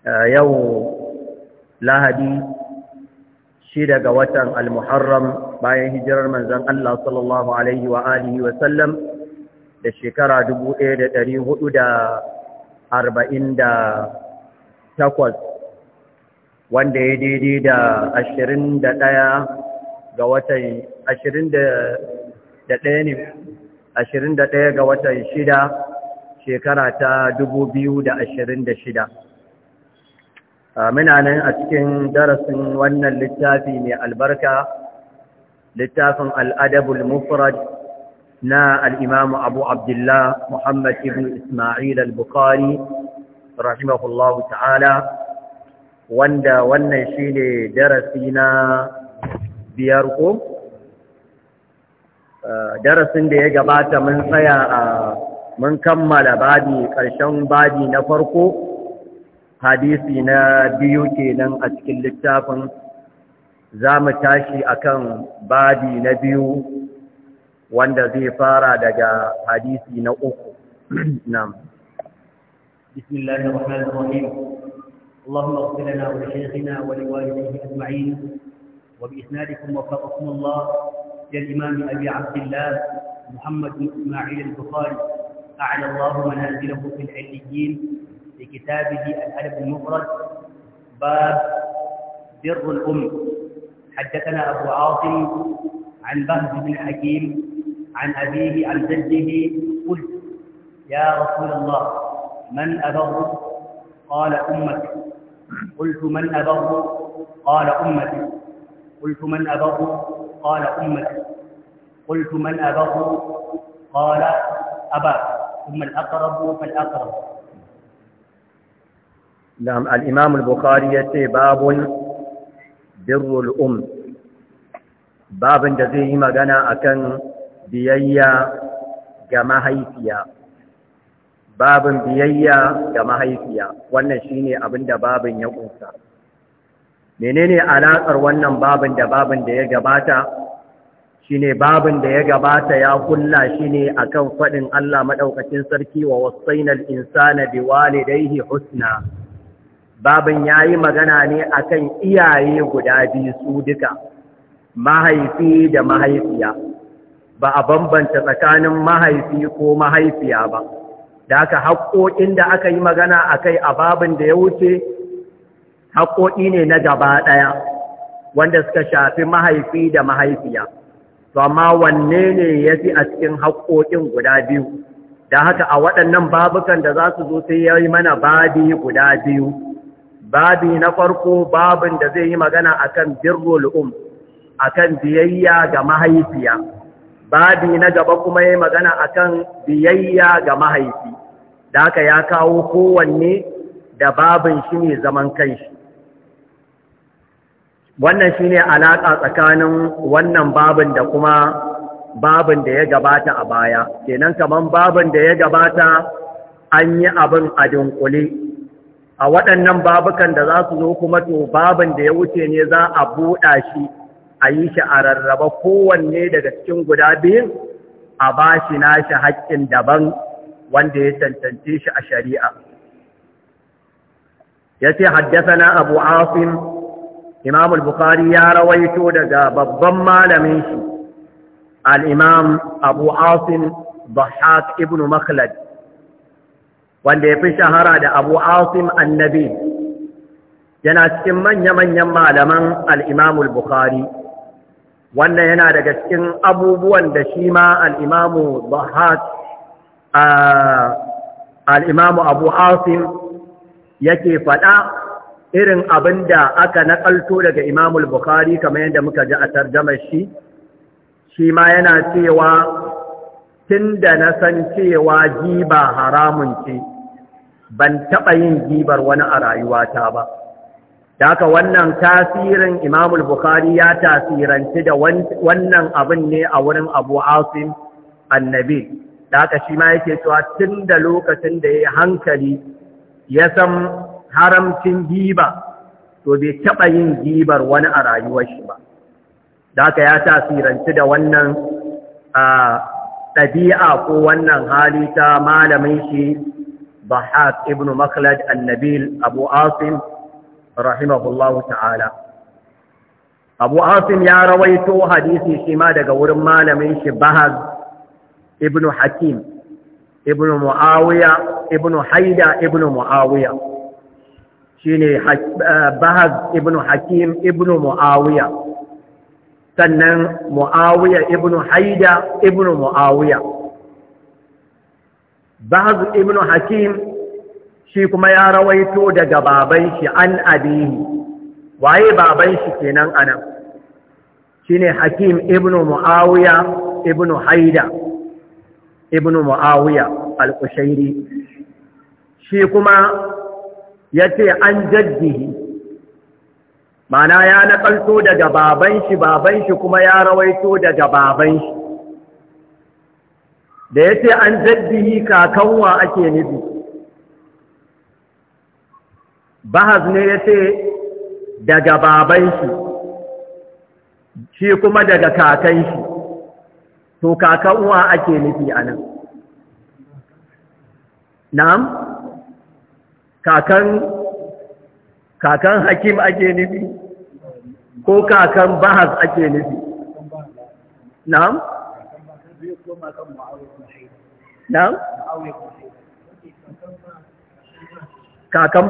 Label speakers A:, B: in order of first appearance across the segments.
A: Eh, yau lahadi shi daga watan al-muharram bayan hijirar manzon Allah sallallahu alaihi wa alihi wa sallam da shekara 1448 wanda ya daidai da 21 ga watan 21 21 ga watan 6 shekara ta 2026 Ah, muna nan a cikin darasin wannan littafi mai albarka littafin al'adabul mufrad na al'imamu abu abdullah muhammad ibn ismail al-bukhari rahimahullah ta'ala wanda wannan shi ne darasi na biyar ko ah, darasin da ya gabata mun tsaya a mun kammala babi ƙarshen babi na farko hadisi na biyu kenan a cikin littafin za mu tashi akan badi na biyu wanda zai fara daga hadisi na uku
B: nan وبإسنادكم وفقكم الله إلى الإمام أبي عبد الله محمد بن إسماعيل البخاري أعلى الله منازله في الحليين لكتابه الألف المفرد باب بر الأم حدثنا أبو عاصم عن بهز بن حكيم عن أبيه عن جده قلت يا رسول الله من أبر قال أمك قلت من أبر قال أمك قلت من أبر قال أمك قلت من أبر قال أبا ثم الأقرب فالأقرب
A: نعم الإمام البخاري يتي باب بر الأم باب جزيه مغانا أكن بيئيا جمهيفيا babin biyayya ga mahaifiya wannan shine abin da babin ya kunsa menene alaƙar wannan babin da babin da ya gabata shine babin da ya gabata ya kulla shine akan faɗin Allah maɗaukacin sarki wa wasainal insana biwalidayhi husna babin ya yi magana ne a kan iyaye guda biyu su duka mahaifi da mahaifiya ba a bambanta tsakanin mahaifi ko mahaifiya ba da aka haƙoƙin da aka yi magana a kai a babin da ya wuce haƙoƙi ne na gaba ɗaya wanda suka shafi mahaifi da mahaifiya to amma wanne ne ya fi a cikin haƙoƙin guda biyu da haka a waɗannan babukan da za su zo sai ya yi mana babi guda biyu babi na farko babin da zai yi magana a akan birrul um kan biyayya ga mahaifiya babi na gaba kuma yi magana a kan biyayya ga mahaifi da aka ya kawo kowanne da babin shi ne zaman kanshi wannan shi ne alaƙa tsakanin wannan babin da kuma babin da ya gabata a baya kenan kamar babin da ya gabata an yi abin a dunkule a waɗannan babukan da za su zo kuma to baban da ya wuce ne za a buɗa shi a yi shi a rarraba kowanne daga cikin guda biyun a ba shi nashi haƙƙin daban wanda ya tantance shi a shari'a ya ce Haddasa abu asim imam al-bukhari ya rawaito daga babban malamin shi al-imam abu asim dhahhak ibn makhlad wanda ya fi shahara da abu asim annabi yana cikin manya-manyan malaman al'imamul bukhari wannan yana daga cikin abubuwan da shi ma al'imamu bahat al'imamu abu asim yake faɗa irin abin da aka naƙalto daga imamul bukhari kamar yadda muka ji a tarjamar shi shi ma yana cewa tun da na san cewa ba haramun ce ban taɓa yin gibar wani a rayuwata ba daka wannan tasirin imamul bukhari ya tasiranci da wannan abin ne a wurin abu asim annabi daka shi ma yake cewa tun da lokacin da ya hankali ya san haramcin giba to bai taɓa yin gibar wani a rayuwar shi ba daka ya tasiranci da wannan ɗabi'a ko wannan hali ta malamin shi ضحاك ابن مخلد النبيل أبو عاصم رحمه الله تعالى أبو عاصم يا رويتو حديثي شما دقا ورمال من شبهز ابن حكيم ابن معاوية ابن حيدة ابن معاوية شيني بهز ابن حكيم ابن معاوية سنن معاوية ابن حيدة ابن معاوية Bahazu ibn Hakim shi kuma ya rawaito daga baban shi an abihi, waye baban shi kenan anan, shine Hakim ibn Mu'awiya ibn Haida, ibn Mu'awiya al qushairi Shi kuma ya ce an jaddihi, mana ya naƙalto daga baban shi, baban shi kuma ya rawaito daga baban shi. da ya ce an jaddihi kakanwa ake nufi bahaz ne ya ce daga baban shi shi kuma daga kakan shi to kakanwa ake nufi a nan na'am kakan kakan hakim ake nufi
B: ko kakan bahaz ake nufi na'am kakan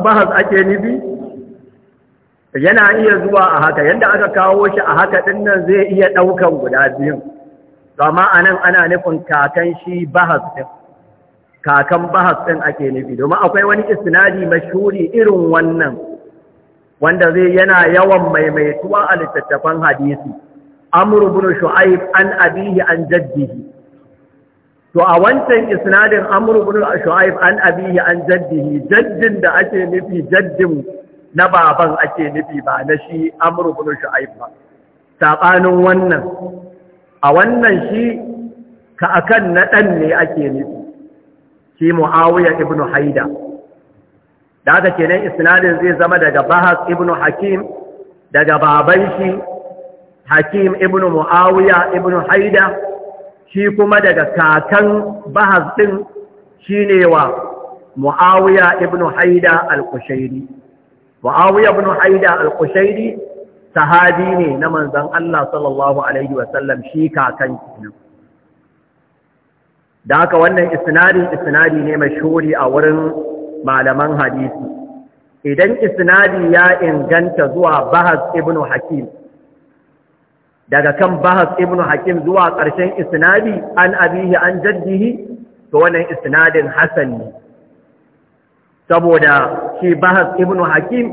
A: bahas ake nufi yana iya zuwa a haka yadda aka kawo shi a haka nan zai iya ɗaukan guda biyu amma a nan ana nufin kakan shi bahas ɗin kakan bahas ɗin ake nufi domin akwai wani isnadi mashuri irin wannan wanda zai yana yawan maimaituwa a littattafan hadisi amru bin shu'aib an abihi an jaddihi to a wancan isnadin amru ibn shu'aib an abihi an jaddihi jaddin da ake nufi jaddin na baban ake nufi ba na shi amru ibn shu'aib ba sabanin wannan a wannan shi ka akan na dan ne ake nufi shi muawiya ibn haida da haka kenan isnadin zai zama daga bahas ibn hakim daga baban shi hakim ibn muawiya ibn haida shi kuma daga kakan bahas ɗin shi ne wa mu'awiya ibn haida al-kushairi mu'awiya ibn haida al-kushairi sahabi ne na manzan Allah sallallahu alaihi wasallam shi kakan kenan da haka wannan isnadin isnadi ne mashhuri a wurin malaman hadisi idan isnadi ya inganta zuwa bahas ibn hakim daga kan bahas Ibnu hakim zuwa ƙarshen isnadi an abihi an jaddihi to wannan isnadin hasan ne saboda shi bahas Ibnu hakim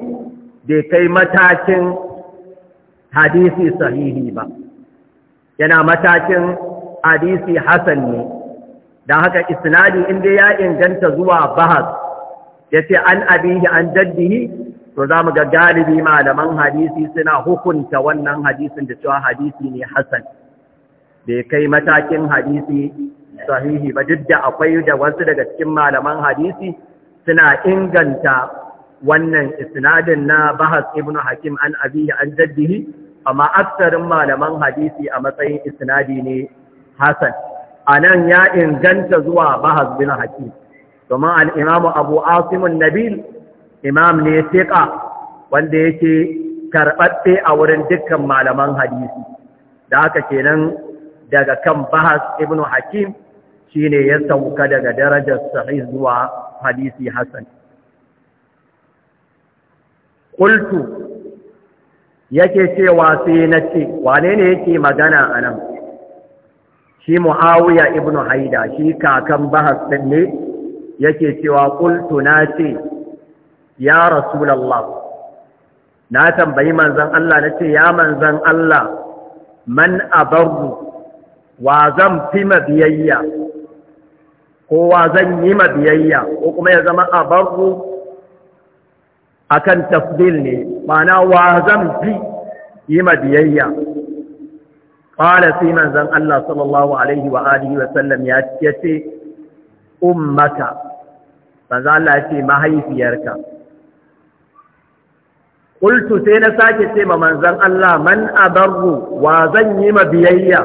A: bai kai matakin hadisi sahihi ba yana matakin hadisi hasan ne don haka isnadi inda ya inganta zuwa bahas ya ce an abihi an jaddihi to za mu ga galibi malaman hadisi suna hukunta wannan hadisin da cewa hadisi ne hasan bai kai matakin hadisi sahihi ba duk da akwai da wasu daga cikin malaman hadisi suna inganta wannan isnadin na bahas ibn hakim an abihi an jaddihi amma aksarin malaman hadisi a matsayin isnadi ne hasan a nan ya inganta zuwa bahas bin hakim domin al'imamu abu asimun nabil imam ne fiqa wanda yake karɓaɓɓe a wurin dukkan malaman hadisi da haka kenan daga kan bahas ibnu hakim shine ya sauka daga darajar sahih zuwa hadisi hasan qultu yake cewa sai na ce wane ne yake magana anan shi muawiya ibnu haida shi kakan bahas din ne yake cewa qultu na ce ya rasulallah na tambayi manzan Allah na ce ya manzan Allah man abarru wa zan fi mabiyayya ko wa zan yi mabiyayya ko kuma ya zama abarru akan tafdil ne mana wa zan fi yi mabiyayya qala sai manzan Allah sallallahu alaihi wa alihi wa sallam ya ce ummata manzan Allah ya ce mahaifiyarka Kultu sai na sake ce ma manzan Allah man abarru wa zan yi ma biyayya.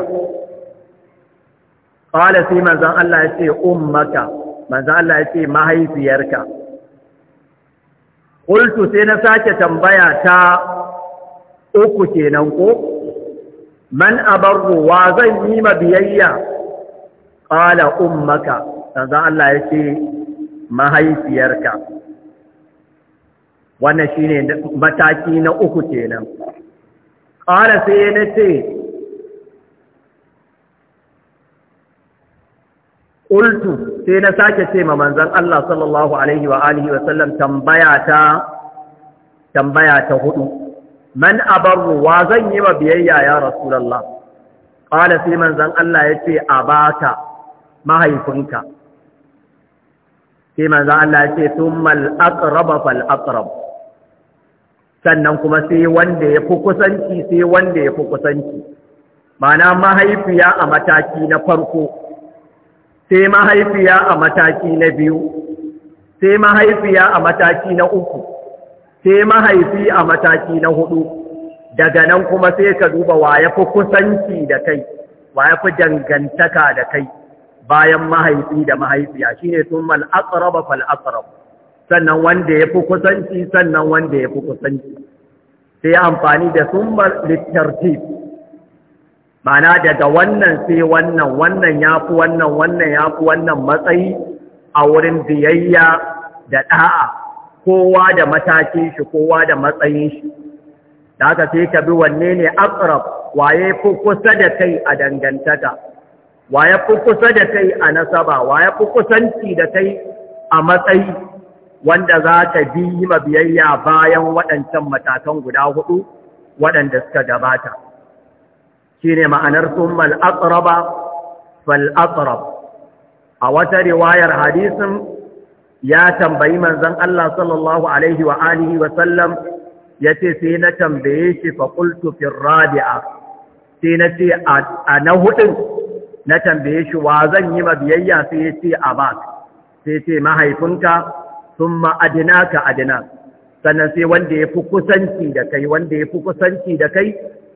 A: Kawale sai manzan Allah ya ce ummaka, manzan Allah ya ce mahaifiyarka. Kultu sai na sake tambaya ta uku kenan ko? Man abarru wa zan yi ma biyayya. Kawale ummaka, manzan Allah ya ce mahaifiyarka. wannan shine mataki na uku kenan ƙara sai na ce ƙultu sai na sake ce ma manzan Allah sallallahu Alaihi wa alihi wasallam tambaya ta hudu man abarru wa zan yi wa biyayya ya rasulallah ƙala sai manzan Allah ya ce a baka mahaifinka sai manzan Allah ya ce sun mal'aƙaraba fal'aƙaraba sannan kuma sai wanda ya fi kusanci sai wanda ya fi kusanci mana mahaifiya a mataki na farko sai mahaifiya a mataki na biyu sai mahaifiya a mataki na uku sai mahaifi a mataki na hudu daga nan kuma sai ka duba wa ya fi kusanci da kai wa ya fi dangantaka da kai bayan mahaifi da mahaifiya shine sun mal aqraba fal sannan wanda ya fi kusanci sannan wanda ya fi kusanci sai amfani da sumbar littartif mana daga wannan sai wannan wannan ya fi wannan wannan ya fi wannan matsayi a wurin biyayya da ɗa'a kowa da matakin shi kowa da matsayin shi da aka sai ka bi wanne ne akrab waye fi kusa da kai a dangantaka waye fi kusa da kai a nasaba waye fi kusanci da kai a matsayi wanda za ta bi ma biyayya bayan waɗancan matakan guda hudu waɗanda suka gabata shi ne ma'anar summal atraba fal atrab a wata riwayar hadisin ya tambayi manzon Allah sallallahu alaihi wa alihi wa sallam yace sai na tambaye shi fa qultu fi rabi'a sai na ce a na hudin na tambaye shi wa zan yi ma biyayya sai ya ce ba sai ce mahaifinka ma'adina ka adina sannan sai wanda ya fi kusanci da kai wanda ya fi kusanci da kai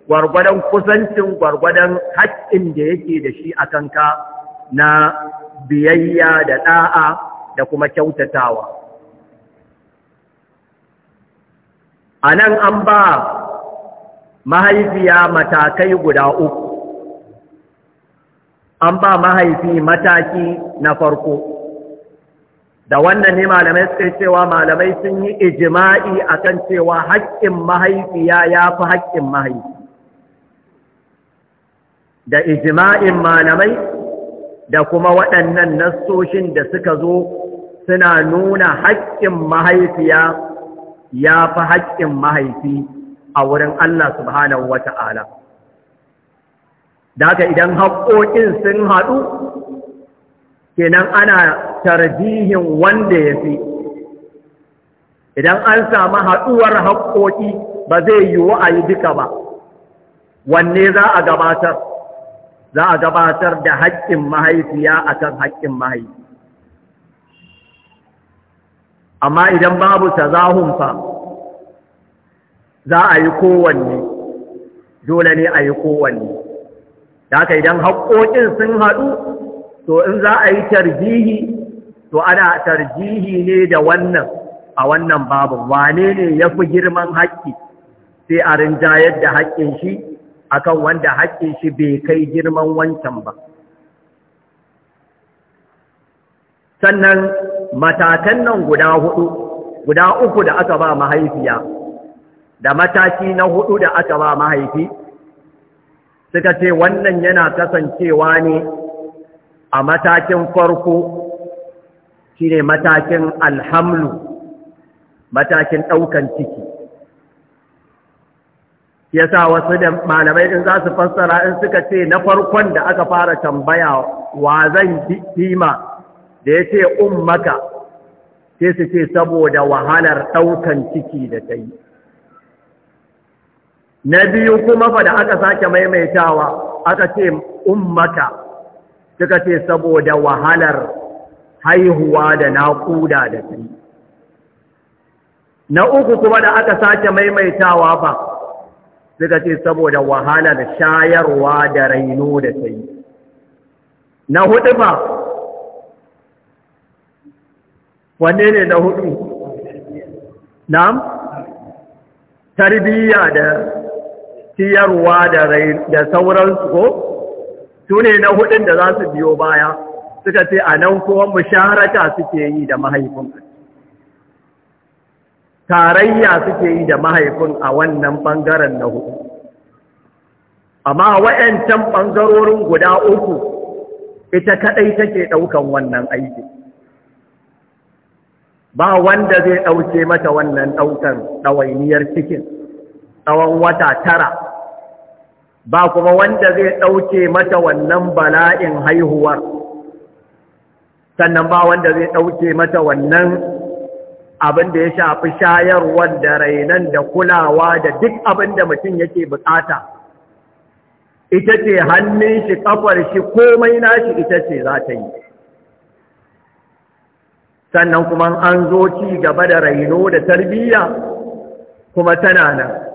A: gwargwadon kusancin gwargwadon haƙƙin da yake da shi a kanka na biyayya da ɗa'a da kuma kyautatawa a nan an ba mahaifiya matakai guda uku an ba mahaifi mataki na farko da wannan ne malamai suka cewa malamai sun yi ijima'i akan cewa haƙƙin mahaifiya ya fi haƙƙin mahaifi da ijima'in malamai da kuma waɗannan nassoshin da suka zo suna nuna haƙƙin mahaifiya ya fi haƙƙin mahaifi a wurin Allah subhanahu wa ta'ala. Da haka idan haƙƙoƙin sun haɗu kenan ana tarjihin wanda ya fi idan an samu haɗuwar haƙoƙi ba zai yi ayi duka ba wanne za a gabatar za a gabatar da haƙƙin mahaifiya akan haƙƙin mahaifi amma idan babu tazahun fa za a yi kowanne dole ne a yi kowanne da haka idan haƙoƙin sun haɗu to in za a yi tarjihi to ana tarjihi ne da wannan a wannan babu. wane ne ya fi girman haƙƙi sai a rinjayar da haƙƙin shi akan wanda haƙƙin shi bai kai girman wancan ba sannan matakan nan guda hudu guda uku da aka ba mahaifiya da mataki na hudu da aka ba mahaifi suka ce wannan yana kasancewa ne a matakin farko shi ne matakin alhamlu matakin ɗaukan ciki Ya sa wasu da malamai in za su fassara in suka ce na farkon da aka fara tambaya wa zan kima da ya ce ummaka sai su ce saboda wahalar ɗaukan ciki da ta yi na biyu kuma fa da aka sake maimaitawa aka ce ummaka suka ce saboda wahalar haihuwa da naƙuda da kai. na uku kuma da aka sace maimaitawa ba suka ce saboda wahalar shayarwa da raino da kai. na hudu ba wanne ne na hudu Na tarbiyya da ciyarwa da sauransu ko su ne na hudun da za su biyo baya suka ce a nan kowa musharaka suke yi da mahaifin tarayya suke yi da mahaifin a wannan bangaren na hudu amma wa'yancan ɓangarorin guda uku ita kaɗai take ɗaukan wannan aiki ba wanda zai ɗauke mata wannan ɗaukan ɗawainiyar cikin tsawon wata tara ba kuma wanda zai ɗauke mata wannan bala'in haihuwar sannan ba wanda zai ɗauke mata wannan abin da ya shafi shayarwar da rainan da kulawa da duk abin da mutum yake bukata ita ce hannun shi kafar shi komai nashi ita ce za ta yi sannan kuma an zo ci gaba da raino da tarbiyya kuma tana nan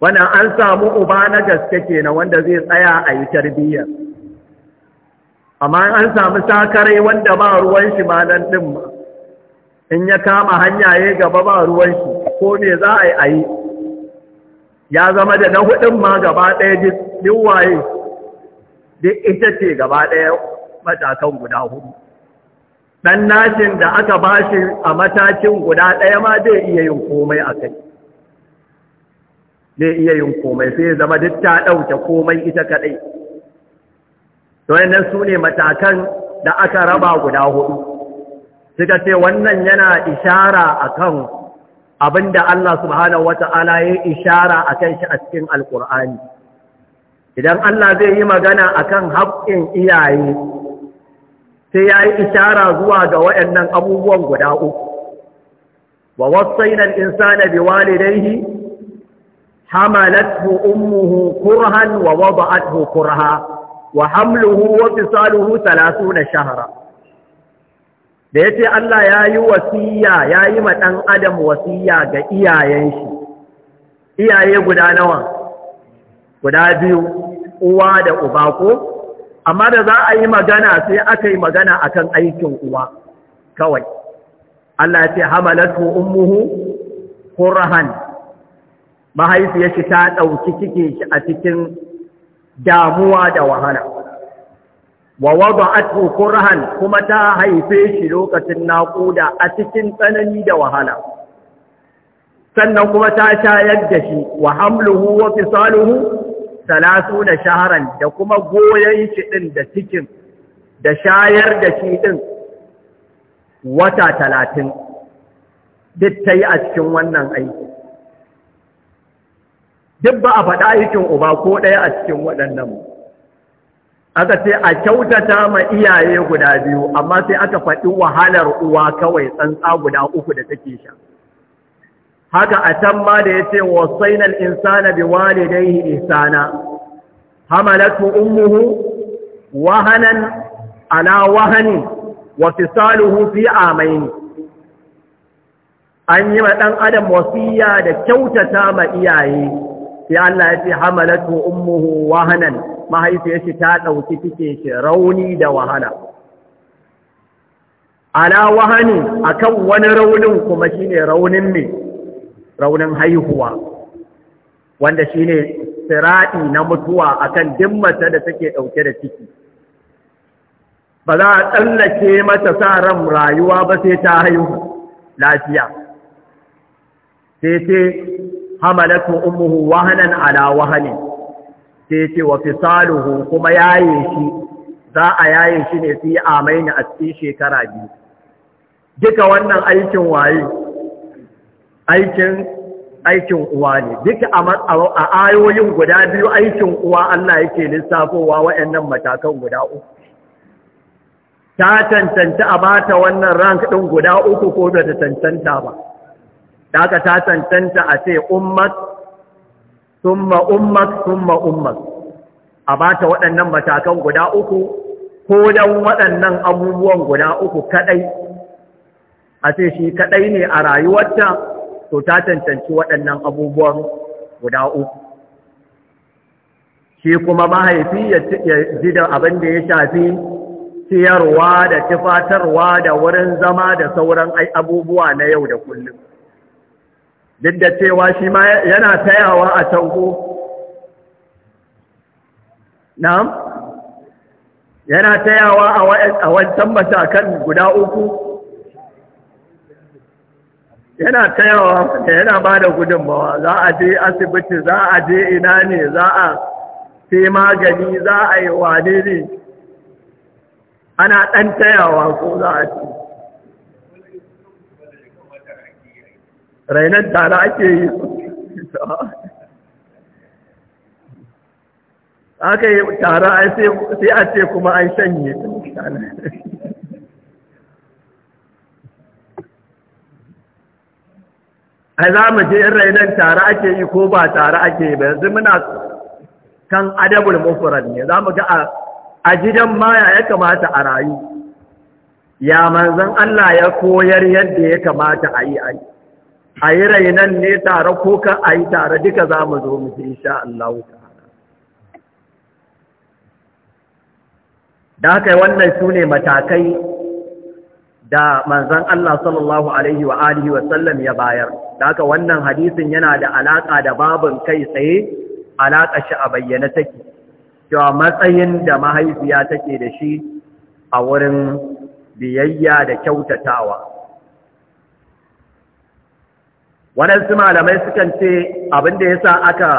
A: wannan an samu uba na gaske kenan wanda zai tsaya a yi tarbiyya amma an samu sakare wanda ba ruwan shi malan din ma in ya kama hanya ya gaba ba ruwan shi ko me za a yi a ya zama da na hudun ma gaba ɗaya duk waye duk ita ce gaba ɗaya matakan guda hudu ɗan nashin da aka bashi a matakin guda ɗaya ma zai iya yin komai a kai zai iya yin komai sai ya zama duk ta ɗauke komai ita kaɗai wannan su ne matakan da aka raba guda hudu suka ce wannan yana ishara akan abinda Allah subhanahu wata'ala ya ishara akan shi a cikin alkur'ani idan Allah zai yi magana akan haƙƙin iyaye sai ya yi ishara zuwa ga waɗannan abubuwan guda uku wa bi insana biwalidayhi حملته أمه كرها ووضعته كرها وحمله وفصاله ثلاثون شهرا da ya ce Allah ya yi wasiya ya yi ɗan adam wasiya ga iyayen shi iyaye guda nawa guda biyu uwa da uba ko amma da za a yi magana sai aka yi magana akan aikin uwa kawai Allah ya ce hamalatu ummuhu kurhan mahaifiyar ta ɗauki cike shi a cikin damuwa da wahala wa wada'athu kurhan kuma ta haife shi lokacin naƙuda a cikin tsanani da wahala sannan kuma ta shayar da shi wa hamluhu wa fisaluhu da shaharan da kuma goyon shi ɗin da cikin da shayar da shi ɗin wata talatin duk ta yi a cikin wannan aiki duk ba a faɗa aikin uba ko ɗaya a cikin waɗannan aka ce a kyautata ma iyaye guda biyu amma sai aka faɗi wahalar uwa kawai tsantsa guda uku da take sha haka a can ma da ya ce wa wasainal insana bi yi ihsana hamalatu ummuhu wahanan ala wahani wa fisaluhu fi amaini an yi ma ɗan adam wasiya da kyautata ma iyaye sai Allah ya ce hamalatu ummuhu wahanan mahaifiyar shi ta ɗauki cike shi rauni da wahala ala wahani akan wani raunin kuma shine raunin me raunin haihuwa wanda shine sirati na mutuwa akan dimmata da take dauke da ciki ba za a tsallake mata sa ran rayuwa ba sai ta haihu lafiya sai sai hamalatu ummuhu wahanan ala wahanin sai ce wa fisaluhu kuma yaye shi za a yaye shi ne fi amaini a cikin shekara biyu duka wannan aikin waye aikin aikin uwa ne duka a ayoyin guda biyu aikin uwa Allah yake lissafowa waɗannan matakan guda uku ta cancanta a bata wannan rank ɗin guda uku ko da ta cancanta ba da aka ta cancanta a ce ummat summa ummat summa ummat a ba ta waɗannan matakan guda uku ko dan waɗannan abubuwan guda uku kadai a ce shi kaɗai ne a rayuwarta to ta cancanci waɗannan abubuwan guda uku shi kuma mahaifi ya ji da abin da ya shafi ciyarwa da tufatarwa da wurin zama da sauran abubuwa na yau da kullum duk da cewa shi ma yana tayawa a tanko na'am yana tayawa a wancan matakan guda uku yana tayawa da yana ba da gudunmawa za a je asibiti za a je ina ne za a sai magani za a yi wane ne ana ɗan tayawa ko za a ce rainan tare ake yi aka yi tara sai a ce kuma an shanye a za mu je in rainan tara ake yi ko ba tara ake yi ba yanzu muna kan adabul mufrad ne za mu ga a gidan maya ya kamata a rayu ya manzan Allah ya koyar yadda ya kamata a yi aiki a yi rainan ne tare ko ka a yi tare duka za mu zo mu insha Allah da haka wannan su ne matakai da manzan Allah sallallahu Alaihi wa alihi wasallam ya bayar da haka wannan hadisin yana da alaƙa da babin kai tsaye alaƙa shi a bayyana take cewa matsayin da mahaifiya take da shi a wurin biyayya da kyautatawa waɗansu malamai sukan ce abin da ya sa aka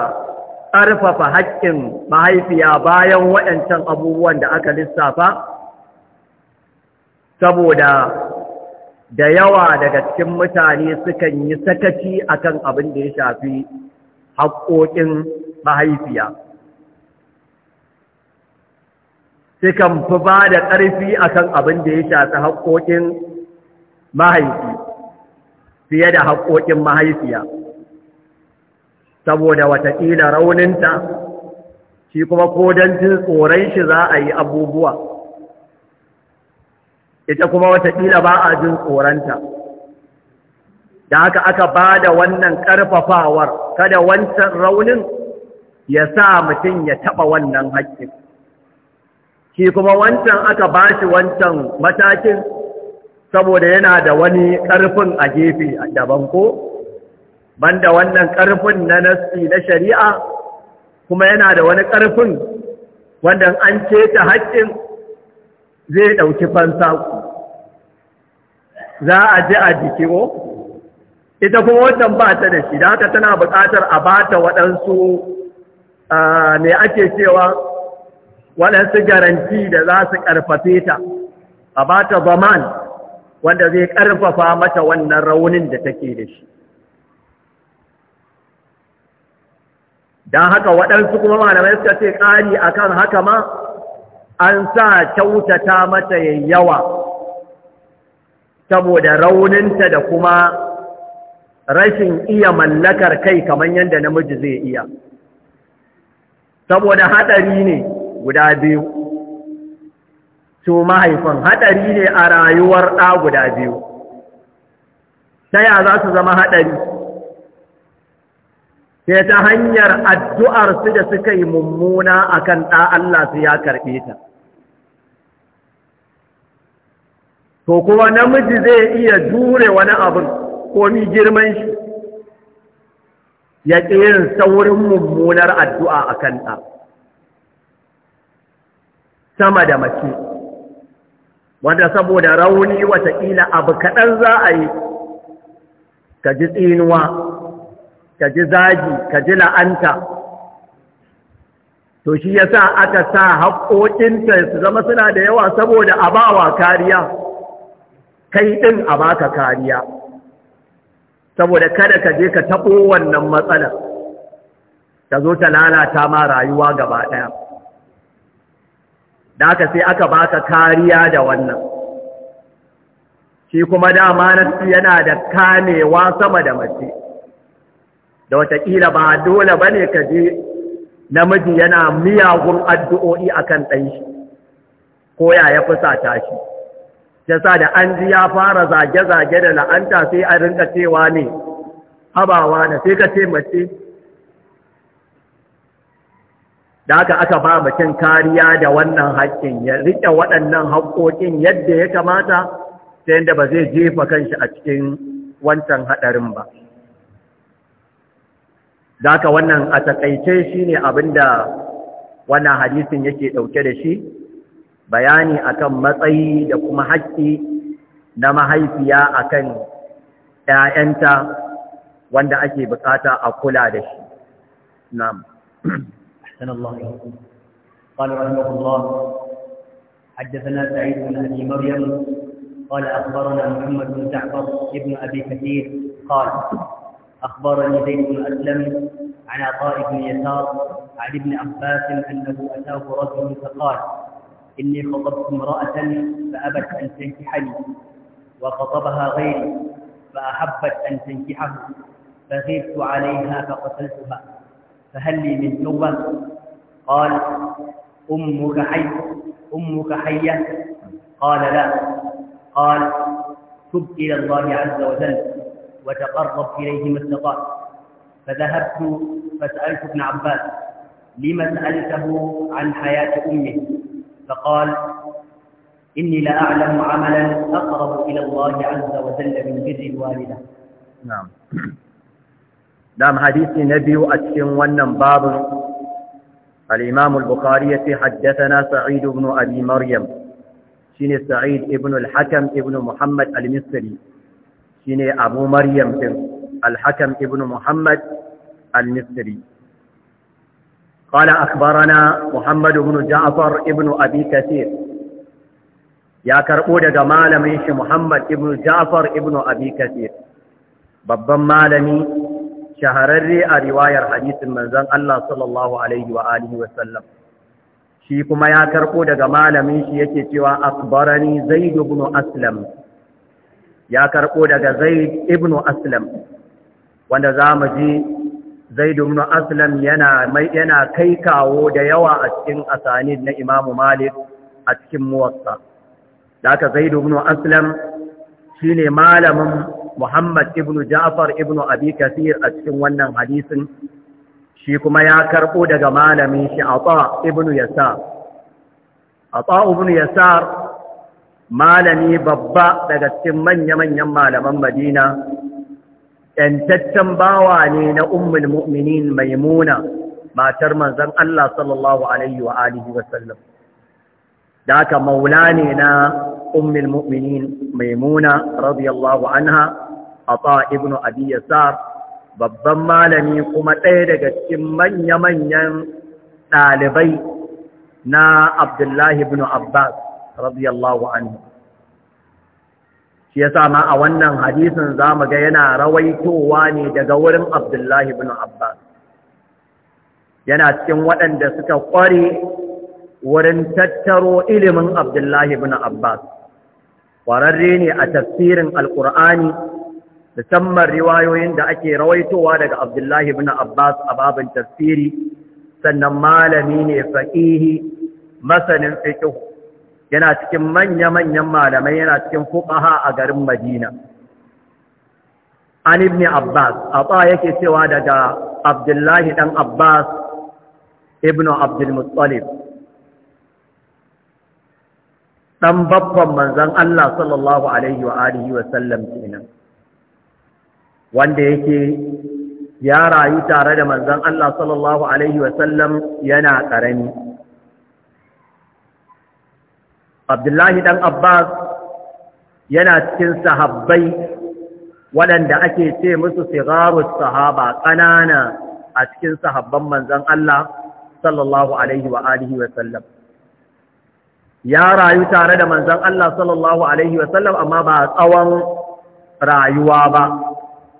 A: ƙarfafa haƙƙin mahaifiya bayan waɗancan abubuwan da aka lissafa saboda da yawa daga cikin mutane sukan yi sakaci akan abin da ya shafi haƙoƙin mahaifiya sukan fi ba da ƙarfi akan abin da ya shafi haƙoƙin mahaifi fiye da haƙoƙin mahaifiya saboda watakila rauninta shi kuma kodancin tsoron shi za a yi abubuwa ita kuma watakila ba a jin tsoronta da haka aka ba da wannan ƙarfafawar kada wancan raunin ya sa mutum ya taɓa wannan haƙƙin shi kuma wancan aka ba shi wancan matakin saboda yana da wani ƙarfin a gefe daban ko banda wannan ƙarfin na nasi na shari'a kuma yana da wani ƙarfin wanda an ta haƙƙin zai ɗauki fansa za a ji a jiki ko? ita kuma wannan ba ta da shi da haka tana buƙatar a ba ta waɗansu ne ake cewa waɗansu garanti da za su ƙarfafe ta a ba ta zaman wanda zai ƙarfafa mata wannan raunin da take da shi don haka waɗansu kuma malamai suka ce ƙari akan haka ma an sa kyautata mata yawa saboda rauninta da kuma rashin iya mallakar kai kamar yadda namiji zai iya saboda haɗari ne guda biyu To mahaifin haɗari ne a rayuwar ɗa guda biyu ta ya za su zama haɗari Ke ta hanyar addu'ar su da suka yi mummuna a kan ɗa Allah su ya karɓe ta to kuma namiji zai iya jure wani abin komi girman shi ya ƙirin saurin mummunar addu'a a kan ɗa sama da mace wanda saboda rauni wataƙila abu kaɗan za a yi ka ji tsinuwa ka ji zagi ka ji la'anta to shi yasa aka sa haƙoƙinta su zama suna da yawa saboda a bawa kariya kai ɗin a baka kariya saboda kada ka je ka taɓo wannan matsalar ta zo ta lalata ma rayuwa gaba ɗaya da aka sai aka baka kariya da wannan shi kuma dama nafsi yana da kamewa sama da mace da watakila ba dole ba ne ka je namiji yana miyagun addu'o'i a kan ɗanshi ko ya ya fusata shi yasa da an ji ya fara zage-zage da la'anta sai a rinka cewa ne habawa na sai ka ce mace da haka aka ba mutum kariya da wannan haƙƙin ya riƙe waɗannan haƙƙoƙin yadda ya kamata ta yadda ba zai jefa kanshi a cikin wancan haɗarin ba da haka wannan a taƙaice shi ne abin wannan hadisin yake ɗauke da shi bayani akan matsayi da kuma haƙƙi na mahaifiya akan ‘ya'yanta wanda ake buƙata a kula da shi. Na'am.
B: أحسن الله إليكم قال رحمه الله حدثنا سعيد بن أبي مريم قال أخبرنا محمد بن جعفر ابن أبي كثير قال أخبرني زيد بن أسلم عن عطاء بن يسار عن ابن عباس أنه أتاه رجل فقال إني خطبت امرأة فأبت أن تنكحني وخطبها غيري فأحبت أن تنكحه فغبت عليها فقتلتها فهل لي من توبة قال أمك حي أمك حية قال لا قال تب إلى الله عز وجل وتقرب إليه ما استطعت فذهبت فسألت ابن عباس لم سألته عن حياة أمه فقال إني لأعلم عملا أقرب إلى الله عز وجل من بر الوالدة نعم
A: نعم حديث نبي أتشن ونن باب الإمام البخاري حدثنا سعيد بن أبي مريم شين سعيد ابن الحكم ابن محمد المصري شين أبو مريم الحكم ابن محمد المصري قال أخبرنا محمد بن جعفر ابن أبي كثير ya karɓo daga malamin shi Muhammad ibn Ja'far ibn Abi Kathir babban malami shahararre a riwayar hadisin manzon Allah sallallahu alaihi wa alihi wa sallam shi kuma ya karko daga malamin shi yake cewa akbarani zaid ibn aslam ya karko daga zaid ibn aslam wanda zamu ji zaid ibn aslam yana yana kai kawo da yawa a cikin asanid na Imam Malik a cikin muwatta da ka zaid ibn aslam shine malamin Muhammad ibn Ja'far ibn Abi Kathir a cikin wannan hadisin shi kuma ya karɓo daga malamin shi Ata ibn Yasar Ata ibn Yasar malami babba daga cikin manya-manyan malaman Madina ‘yantaccen bawa ne na ummul mu'minin maimuna matar manzon Allah sallallahu Alaihi wa alihi wasallam. Da maula ne na ummul mu'minin maimuna radiyallahu anha Ata Ibnu Abi Yasar babban malami kuma ɗaya daga cikin manya-manyan ɗalibai na Abdullahi ibn Abbas radiyallahu anhu shi yasa ma a wannan hadisin zamu ga yana rawaitowa ne daga wurin Abdullahi ibn Abbas yana cikin waɗanda suka ƙware wurin tattaro ilimin Abdullahi ibn Abbas ƙwararre ne a tafsirin Alƙur'ani musamman riwayoyin da ake rawaitowa daga Abdullahi bin Abbas a babin tafsiri sannan malami ne faqihi masanin fiqh yana cikin manya-manyan malamai yana cikin fuqaha a garin Madina an ibni Abbas a ata yake cewa daga Abdullahi dan Abbas Ibnu Abdul Muttalib dan babban manzon Allah sallallahu alaihi wa alihi wa sallam kenan wanda yake ya rayu tare da manzan Allah sallallahu alaihi wasallam yana ƙarami. Abdullahi ɗan Abbas yana cikin sahabbai waɗanda ake ce musu sigaru sahaba ƙanana a cikin sahabban manzan Allah sallallahu alaihi wasallam ya rayu tare da manzan Allah sallallahu alaihi wasallam amma ba tsawon rayuwa ba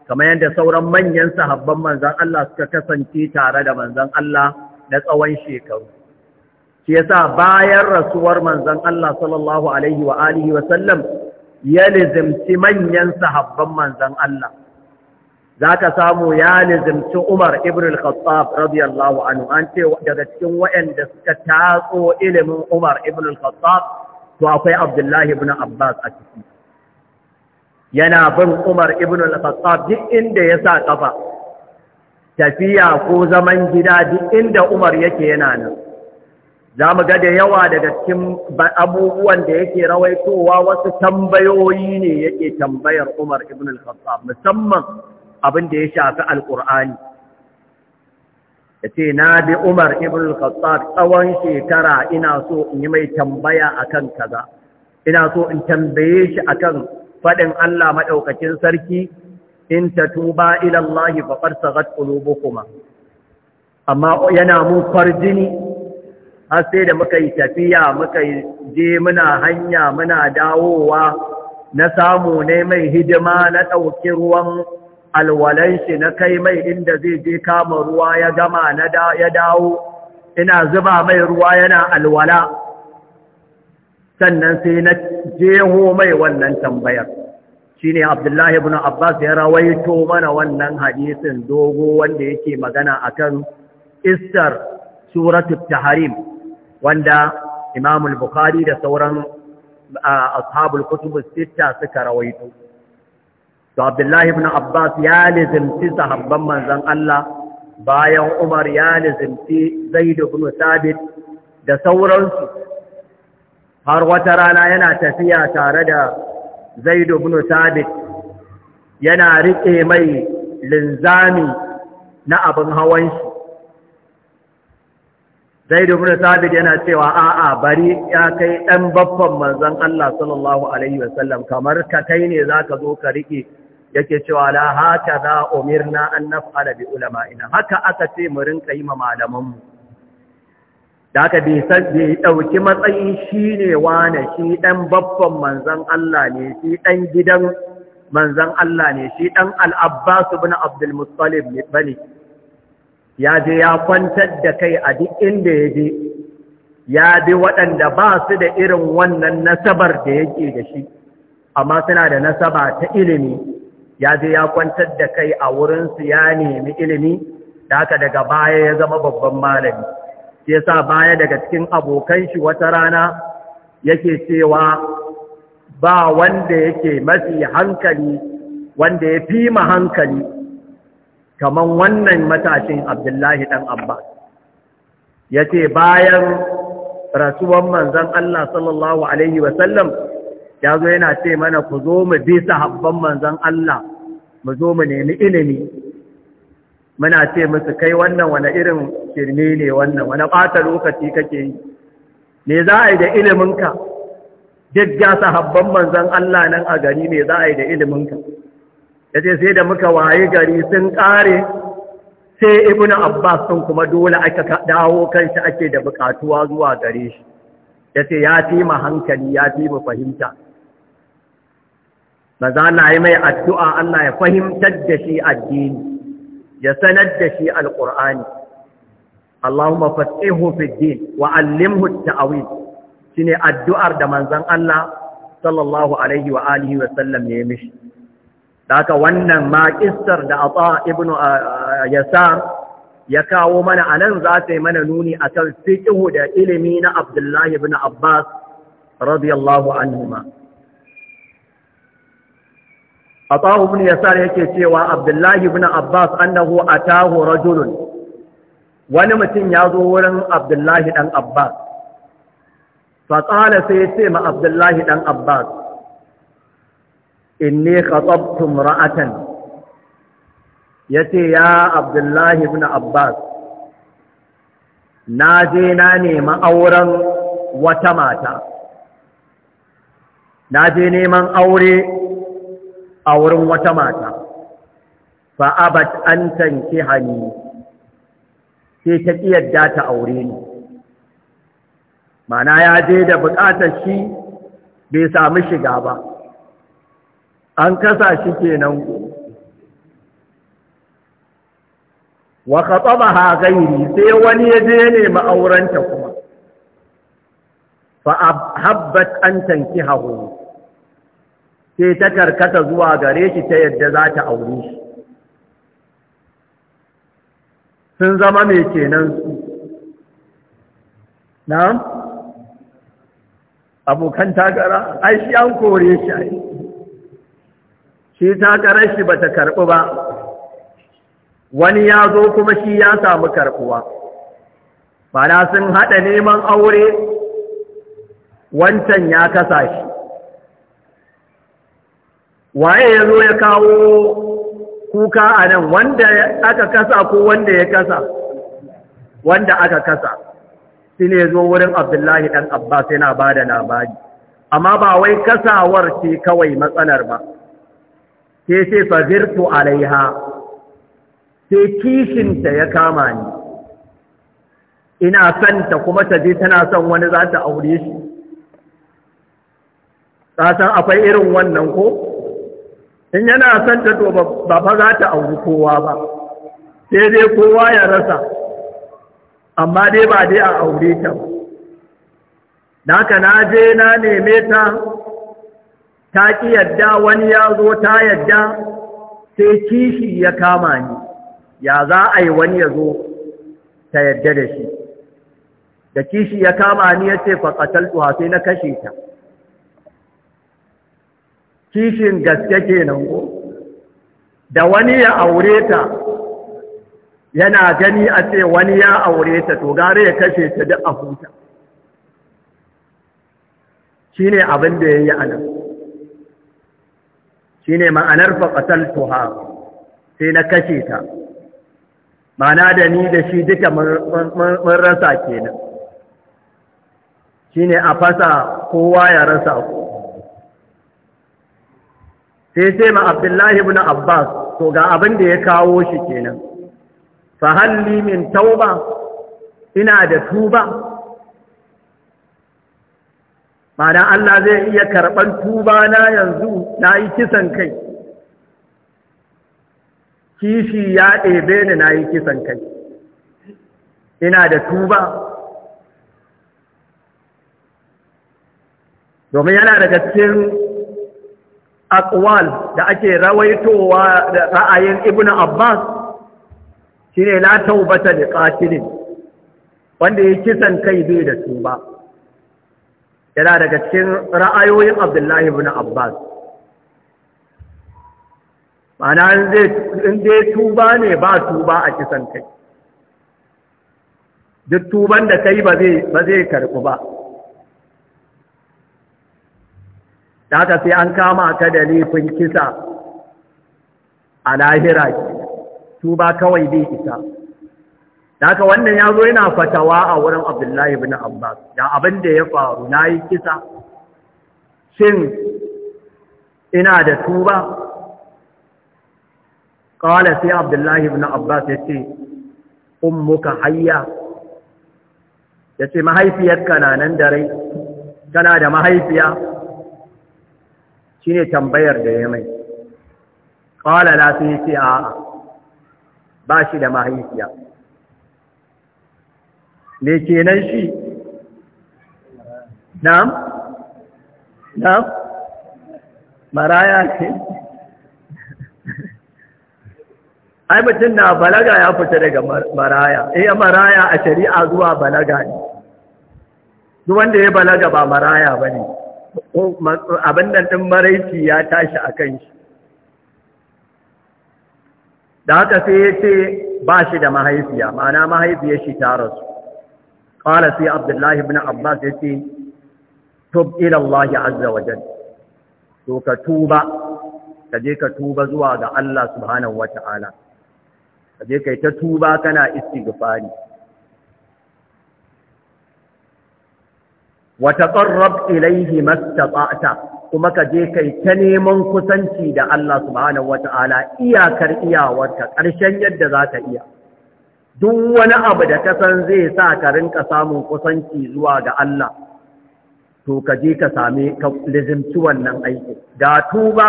A: kamar yadda sauran manyan sahabban manzan Allah suka kasance tare da manzan Allah na tsawon shekaru shi yasa bayan rasuwar manzan Allah sallallahu alaihi wa alihi wa sallam ya lizimci manyan sahabban manzan Allah ka samu ya lizimci Umar ibn al-Khattab radiyallahu anhu an ce daga cikin waɗanda suka tatso ilimin Umar ibn al-Khattab to akwai Abdullahi ibn Abbas a ciki yana bin Umar ibn al-Khattab duk inda ya sa kafa tafiya ko zaman gida duk inda Umar yake yana nan za mu ga da yawa daga cikin abubuwan da yake rawaitowa wasu tambayoyi ne yake tambayar Umar ibn al-Khattab musamman abin da ya shafi al-Qur'ani yace na bi Umar ibn al-Khattab tsawon shekara ina so in yi mai tambaya akan kaza ina so in tambaye shi akan faɗin Allah maɗaukacin sarki in ta ila Allah faqad sagat qulubukuma amma yana mun farjini har sai da muka yi tafiya muka je muna hanya muna dawowa na samu ne mai hidima na ɗauki ruwan alwalan shi na kai mai inda zai je kama ruwa ya gama na ya dawo ina zuba mai ruwa yana alwala sannan sai na jeho mai wannan tambayar shine Abdullahi ibn Abbas ya rawaito mana wannan hadisin dogo wanda yake magana akan istar suratul tahrim wanda Imam al-Bukhari da sauran al kutub sita suka rawaito to Abdullahi ibn Abbas ya lazimci sahabban manzon Allah bayan Umar ya lazimci Zaid ibn Thabit da sauransu har wata rana yana tafiya tare da Zaidu ibn yana riƙe mai linzami na abin hawan shi Zaid ibn yana cewa a'a bari ya kai ɗan baffan manzon Allah sallallahu alaihi wasallam kamar ka kai ne zaka zo ka riƙe yake cewa la haka za umirna an naf'ala bi Ina haka aka ce mu rinka yi ma malamanmu. da aka bai ɗauki matsayi shi ne wane shi ɗan babban manzan Allah ne shi ɗan gidan manzan Allah ne shi ɗan al'abbasu bin abdulmustalib ba ne ya je ya kwantar da kai a duk inda ya je ya bi waɗanda ba su da irin wannan nasabar da yake da shi amma suna da nasaba ta ilimi ya je ya kwantar da kai a wurinsu ya nemi ilimi da haka daga baya ya zama babban malami shi yasa baya daga cikin abokan shi wata rana yake cewa ba wanda yake mafi hankali wanda ya fi ma hankali kamar wannan matashin Abdullahi Abba. Ya yace bayan rasuwan manzan Allah sallallahu alaihi wasallam ya zo yana ce mana ku zo mu bi sahabban manzon Allah mu zo mu nemi ilimi muna ce musu kai wannan wani irin shirme ne wannan wani ɓata lokaci kake yi me za a yi da iliminka duk ya sahabban manzan Allah nan a gari me za a yi da iliminka ya ce sai da muka waye gari sun ƙare sai ibnu abbas sun kuma dole aka dawo kanshi ake da buƙatuwa zuwa gare shi ya ce ya fi ma hankali ya fi mu fahimta ba na yi mai addu'a Allah ya fahimtar da shi addini ya sanar da shi Alƙur'ani. Allahumma fatihu fid wa allimhu at-ta'wil shine addu'ar da manzon Allah sallallahu alaihi wa alihi wa sallam ne mishi haka wannan ma kissar da Ata ibn Yasar ya kawo mana anan za ta yi mana nuni akan fiqhu da ilimi na Abdullahi ibn Abbas radiyallahu anhuma Atahu ibn Yasar yake cewa Abdullahi bin Abbas annahu atahu rajulun wani mutum ya zo wurin Abdullahi dan Abbas fa qala sai yace ma Abdullahi dan Abbas inni khatabtu imra'atan yace ya Abdullahi bin Abbas na je na nemi auren wata mata na je neman aure a wurin wata mata fa abat an hannu sai ta kiyarda ta aure ni mana ya je da buƙatar shi bai sami shiga ba an kasa shi kenan wa ha gairi sai wani ya je ne ma'auranta kuma fa habbat an hannu. sai ta karkata zuwa gare shi ta yadda za ta aure shi sun zama mai kenan su Na? abokan takara ai shi an kore shi ai shi takarar shi bata karɓi ba wani ya zo kuma shi ya samu karɓuwa bana sun haɗa neman aure wancan ya kasa shi waye ya zo ya kawo kuka a nan wanda aka kasa ko wanda ya kasa wanda aka kasa shi ne zo wurin abdullahi ɗan abbas yana ba da labari amma ba wai kasawar ce kawai matsalar ba ke ce fazirtu alaiha ke kishinta ya kama ni ina santa kuma ta je tana son wani za ta aure shi ta akwai irin wannan ko in yana son ta to ba fa za ta auri kowa ba sai dai kowa ya rasa amma dai ba dai a aure ta ba da haka na je na neme ta ta ki yadda wani ya zo ta yadda sai kishi ya kama ni ya za a yi wani ya zo ta yadda da shi da kishi ya kama ni ya ce fa tuha sai na kashe ta kishin gaske kenan ko da wani ya aure ta yana gani a ce wani ya aure ta to gare ya kashe ta duk a huta shi ne abin da ya yi a nan shi ne ma'anar faƙasar tuha sai na kashe ta mana da ni da shi duka mun rasa kenan shi ne a fasa kowa ya rasa ku sai ce ma abdullahi ibn abbas to ga abin da ya kawo shi kenan fa halli min tauba ina da tuba ma'ana Allah zai iya karban tuba na yanzu na yi kisan kai kishi ya ɗebe ni na yi kisan kai ina da tuba domin yana daga cikin akwal da ake rawaitowa da ra'ayin ibn abbas shi ne la taubata da ƙatilin wanda ya kisan kai bai da su ba yana daga cikin ra'ayoyin abdullahi ibn abbas mana in dai tuba ne ba tuba a kisan kai duk tuban da kai ba zai karɓi ba da haka sai an kama ta da laifin kisa a lahira tuba kawai bai isa da haka wannan ya zo yana fatawa a wurin abdullahi bin abbas da abin da ya faru na yi kisa shin ina da tuba ƙawala sai abdullahi bin abbas ya ce muka hayya ya ce mahaifiyarka na nan da rai kana da mahaifiya Shi ne tambayar da ya mai ƙwala na sai yi a ba shi da mahaifiya me kenan shi na'am na'am maraya ce ai mutum na balaga ya fita daga maraya eh maraya a shari'a zuwa balaga ne duk wanda ya balaga ba maraya ba ne. abin da ɗin maraici ya tashi a kan shi da haka sai ya ce ba shi da mahaifiya ma'ana mahaifiyar shi ta rasu ƙwala sai abdullahi bin abbas ya ce tub ilallahi azza wajen to ka tuba ka je ka tuba zuwa ga Allah subhanahu wata'ala ka je kai ta tuba kana istighfari wa taqarrab ilayhi mastata'ta kuma ka je kai ta neman kusanci da Allah subhanahu wata'ala iyakar iyawarka ƙarshen yadda za ka iya duk wani abu da ka san zai sa ka rinka samun kusanci zuwa ga Allah to ka je ka same ka lizimci wannan aiki da tuba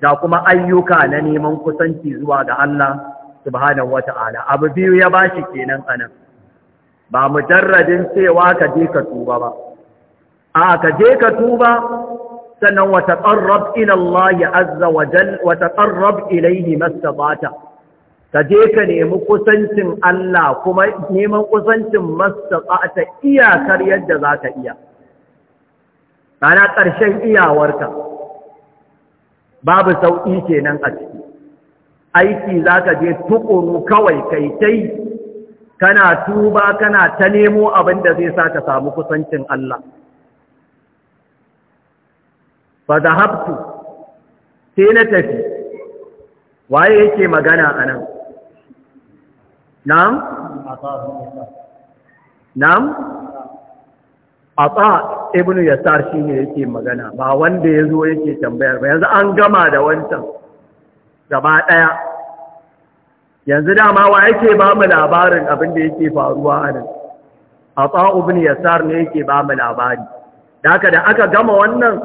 A: da kuma ayyuka na neman kusanci zuwa ga Allah subhanahu wata'ala abu biyu ya bashi kenan anan ba mujarradin cewa ka je ka tuba ba a ka je ka tuba sannan wa taqarrab ila Allah azza wa jal wa taqarrab ilayhi ka je ka nemi kusancin Allah kuma neman kusancin mastata'ta iyakar yadda zaka iya ana ƙarshen iyawarka babu sauƙi kenan a ciki aiki zaka je tukuru kawai kai tai kana tuba kana ta nemo abin da zai sa ka samu kusancin Allah fa zahabtu sai na tafi waye yake magana anan na'am na'am Atsa ibnu Yasar shine yake magana ba wanda yazo yake tambayar ba yanzu an gama da wancan gaba daya yanzu dama wa yake ba mu labarin abin da yake faruwa a nan ata'u ibn yasar ne yake ba mu labari da haka da aka gama wannan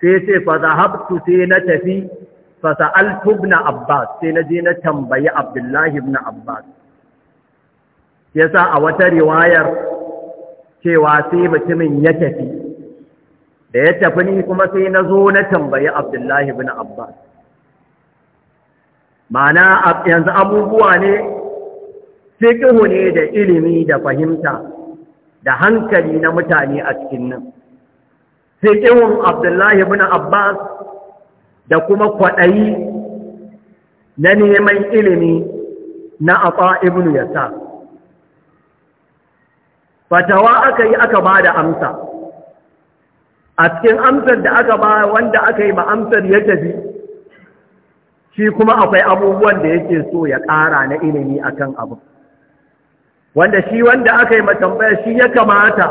A: sai sai fa zahabtu sai na tafi fa sa'altu ibn abbas sai na je na tambayi abdullahi ibn abbas yasa a wata riwayar cewa sai mutumin ya tafi da ya tafi ni kuma sai na zo na tambayi abdullahi ibn abbas ma'ana yanzu abubuwa ne fiƙihu ne da ilimi da fahimta da hankali na mutane a cikin nan fiƙihun abdullahi ibn abbas da kuma kwaɗayi na neman ilimi na afa ibn yasa fatawa aka yi aka ba da amsa a cikin amsar da aka ba wanda aka yi ba amsar ya tafi shi kuma akwai abubuwan da yake so ya ƙara na ilimi akan abu wanda shi wanda aka yi matambaya shi ya kamata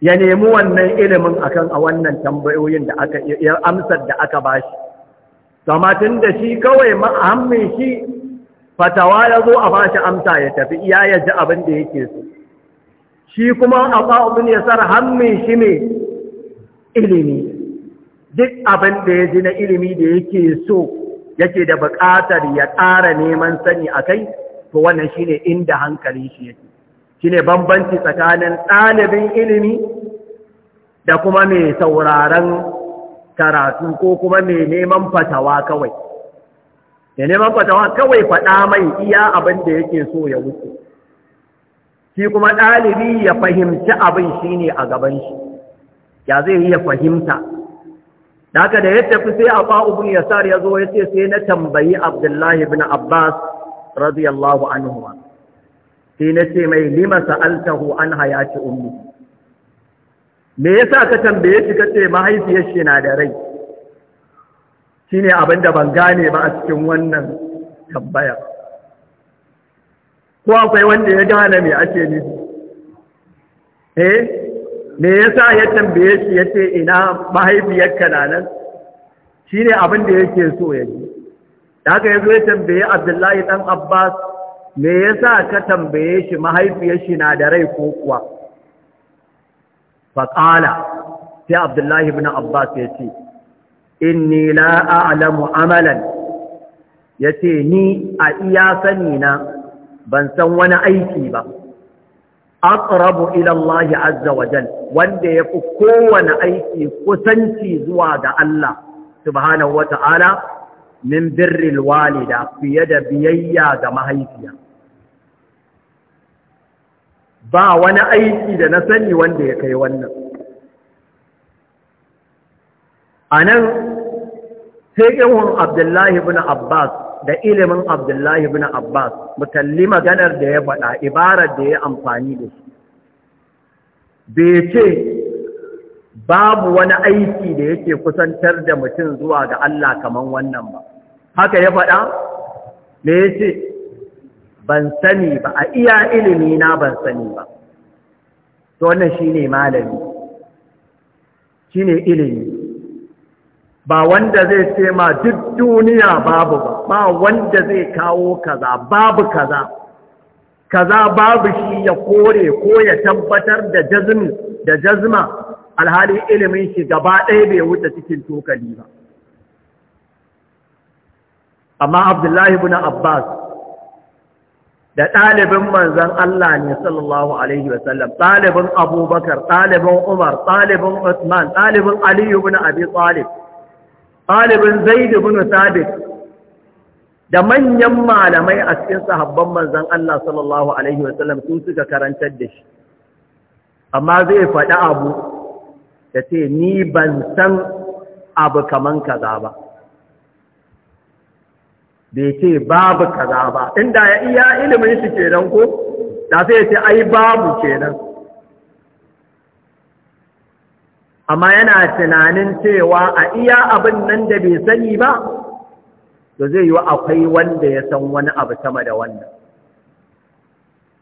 A: ya nemi wannan ilimin akan a wannan tambayoyin da aka ya amsar da aka bashi tamatin da shi kawai ma'ammin shi fatawa ya zo a bashi amsa ya tafi iya ya ji abin da yake so shi kuma a ba'ubin ya sar hammin shi ne ilimi duk abin da ya ji na ilimi da yake so yake da buƙatar ya ƙara neman sani a kai to wannan shine inda hankali shi yake shine bambanci tsakanin ɗalibin ilimi da kuma mai sauraron karatu ko kuma mai neman fatawa kawai ya neman fatawa kawai faɗa mai iya abin da yake so ya wuce shi kuma ɗalibi ya fahimci abin shine a gaban shi ya zai iya fahimta da da ya tafi sai a fa'u bin yasar ya zo ya ce sai na tambayi abdullahi bin abbas radiyallahu anhu sai na ce mai lima sa'altahu an ci umu me ya sa ka tambaye shi kace mahaifiyar shi na da rai shine abin da ban gane ba a cikin wannan tambaya ko akwai wanda ya gane mai ake nufi eh me yasa ya tambaye shi ya ce ina mahaifiyar kananan? Shi ne abin da yake so ya ji aka yazo ya tambaye Abdullahi ɗan Abbas me yasa ka tambaye shi mahaifiyar shi na da rai ko kuwa faƙala sai Abdullahi ibn Abbas ya yace inni la a'lamu amalan ce ni a iya sani na ban san wani aiki ba aqrabu ila Allah azza wa jal wanda yafi kowane aiki kusanci zuwa ga Allah subhanahu wa ta'ala min birril walida fiye da biyayya ga mahaifiya ba wani aiki da na sani wanda ya kai wannan anan sai ihun Abdullahi ibn Abbas da ilimin Abdullahi ibn Abbas mutalli maganar da ya faɗa ibarar da ya amfani da shi bai ce babu wani aiki da yake kusantar da mutum zuwa ga Allah kaman wannan ba haka ya faɗa me yace ban sani ba a iya ilimi na ban sani ba to wannan shine malami shine ilimi ba wanda zai ce ma duk duniya babu ba ba wanda zai kawo kaza babu kaza kaza babu shi ya kore ko ya tabbatar da jazmi da jazma alhali ilimin shi gaba ɗaya bai wuce cikin tokali ba amma abdullahi ibn abbas da ɗalibin manzan Allah ne sallallahu alaihi wasallam ɗalibin abubakar ɗalibin umar ɗalibin usman ɗalibin aliyu ibn abi talib ɗalibin Zaidu bin sabit da manyan malamai a cikin sahabban manzon Allah sallallahu alaihi wasallam sun suka karantar da shi amma zai faɗi abu da ce ni ban san abu kaman kaza ba bai ce babu kaza ba inda ya iya ilimin shi kenan ko da sai ya ce ai babu kenan amma yana tunanin cewa a iya abin nan da bai sani ba to zai yi akwai wanda ya san wani abu sama da wannan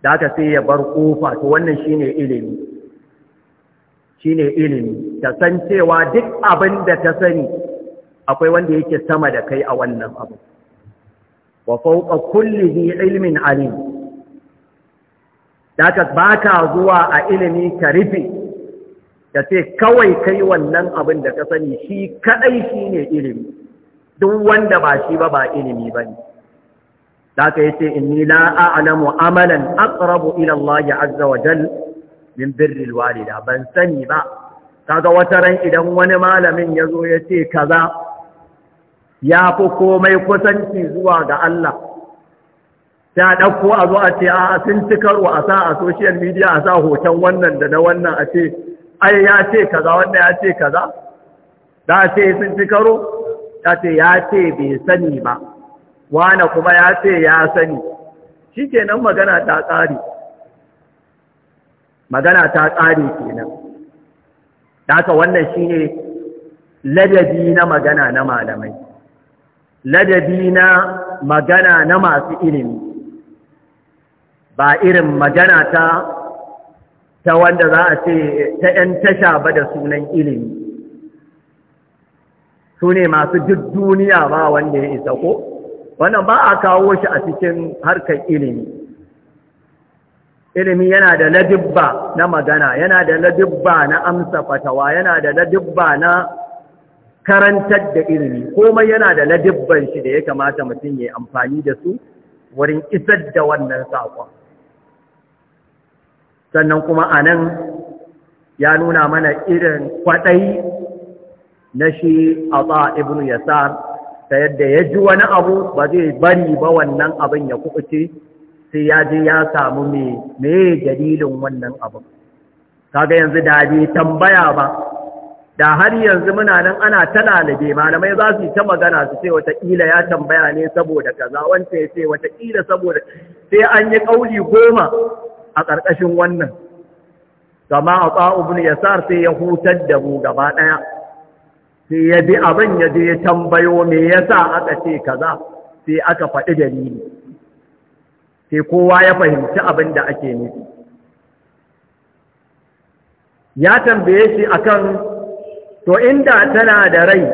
A: da aka sai ya bar kofa to wannan shine ilimi shine ilimi ta san cewa duk abin da ta sani akwai wanda yake sama da kai a wannan abu wa fawqa kulli ilmin alim da aka baka zuwa a ilimi ka rufe ka ce kawai kai wannan abin da ka sani shi kaɗai shi ne ilimi duk wanda ba shi ba ba ilimi ba ne da ka yi ce inni la a'lamu amalan aqrabu ila Allah azza wa jal min birril walida ban sani ba kaga wata ran idan wani malamin ya zo ya ce kaza ya fi komai kusanci zuwa ga Allah ta ɗauko a zo a ce a sun ci a sa a social media a sa hoton wannan da na wannan a ce ai ya ce kaza wanda ya ce kaza da ce sun ci karo ta ce ya ce bai sani ba wane kuma ya ce ya sani shi kenan magana ta tsari magana ta tsari kenan daga wannan shi ne ladabi na magana na malamai ladabi na magana na masu ilimi ba irin magana ta ta wanda za a ce ta ‘yan tasha ba da sunan ilimi su ne masu duk duniya ba wanda ya isa ko wannan ba a kawo shi a cikin harkar ilimi ilimi yana da ladibba na magana yana da ladibba na amsa fatawa yana da ladibba na karantar da ilimi komai yana da ladibban shi da ya kamata mutum ya amfani da su wurin isar da wannan saƙon sannan kuma a nan ya nuna mana irin kwaɗai na shi a ba ibn yasar ta yadda ya ji wani abu ba zai bari ba wannan abin ya kuɓuce sai ya je ya samu mai dalilin wannan abin kaga yanzu da bai tambaya ba da har yanzu muna nan ana ta lalabe malamai za su yi ta magana su ce watakila ya tambaya ne saboda kaza wanda ya ce watakila saboda sai an yi kauli goma a ƙarƙashin wannan kama a tsa'ubin ya sa sai ya hutar da mu gaba ɗaya sai ya bi abin ya je tambayo me ya sa aka ce kaza sai aka faɗi dalili sai kowa ya fahimci abin da ake nufi ya tambaye shi akan to inda tana da rai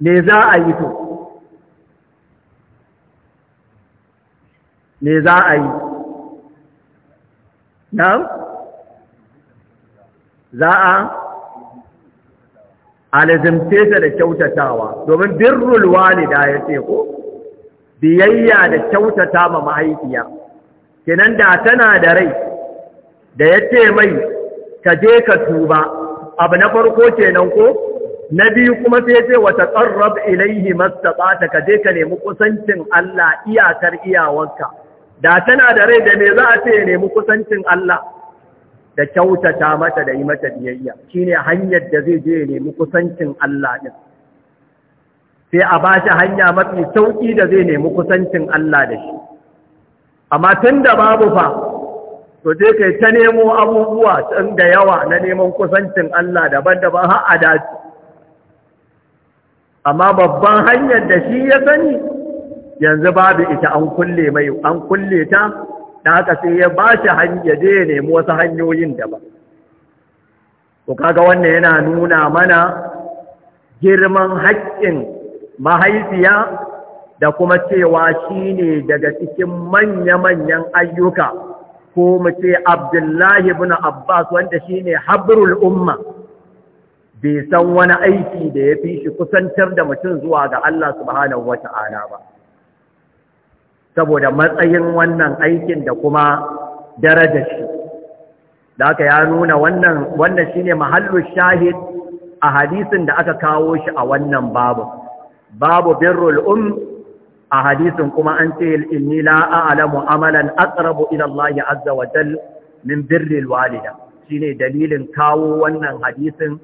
A: me za a yi to me za a yi Za'a za a alizimce ta da kyautatawa domin birrul walida ya ce ko biyayya da kyautata ma mahaifiya kinan da tana da rai da ya ce mai ka je ka tuba abu na farko kenan ko na biyu kuma sai ce wata ƙarrab ilaihi mastata ka je ka nemi kusancin Allah iyakar iyawarka da tana da rai da me za a ce ya nemi kusancin Allah da kyautata mata da yi mata biyayya shine hanyar da zai je ya nemi kusancin Allah din sai a ba shi hanya mafi sauki da zai nemi kusancin Allah da shi amma tunda babu fa to je kai ta nemo abubuwa tun da yawa na neman kusancin Allah daban-daban har a dace amma babban hanyar da shi ya sani yanzu babu ita an kulle mai an kulle ta da haka sai ya ba shi hanyar da ya nemi wasu hanyoyin ba. Ku kaga wannan yana nuna mana girman haƙƙin mahaifiya da kuma cewa shine daga cikin manya-manyan ayyuka ko mu ce abdullahi ibn abbas wanda shine habrul umma bai san wani aiki da ya fi shi kusantar da mutum zuwa ga Allah subhanahu wata'ala ba saboda matsayin wannan aikin da kuma darajar shi da aka ya nuna wannan wannan shine mahallu shahid a hadisin da aka kawo shi a wannan babu babu birrul um a hadisin kuma an ce inni la a'lamu amalan aqrabu ila Allah azza wa jal min birril walida shine dalilin kawo wannan hadisin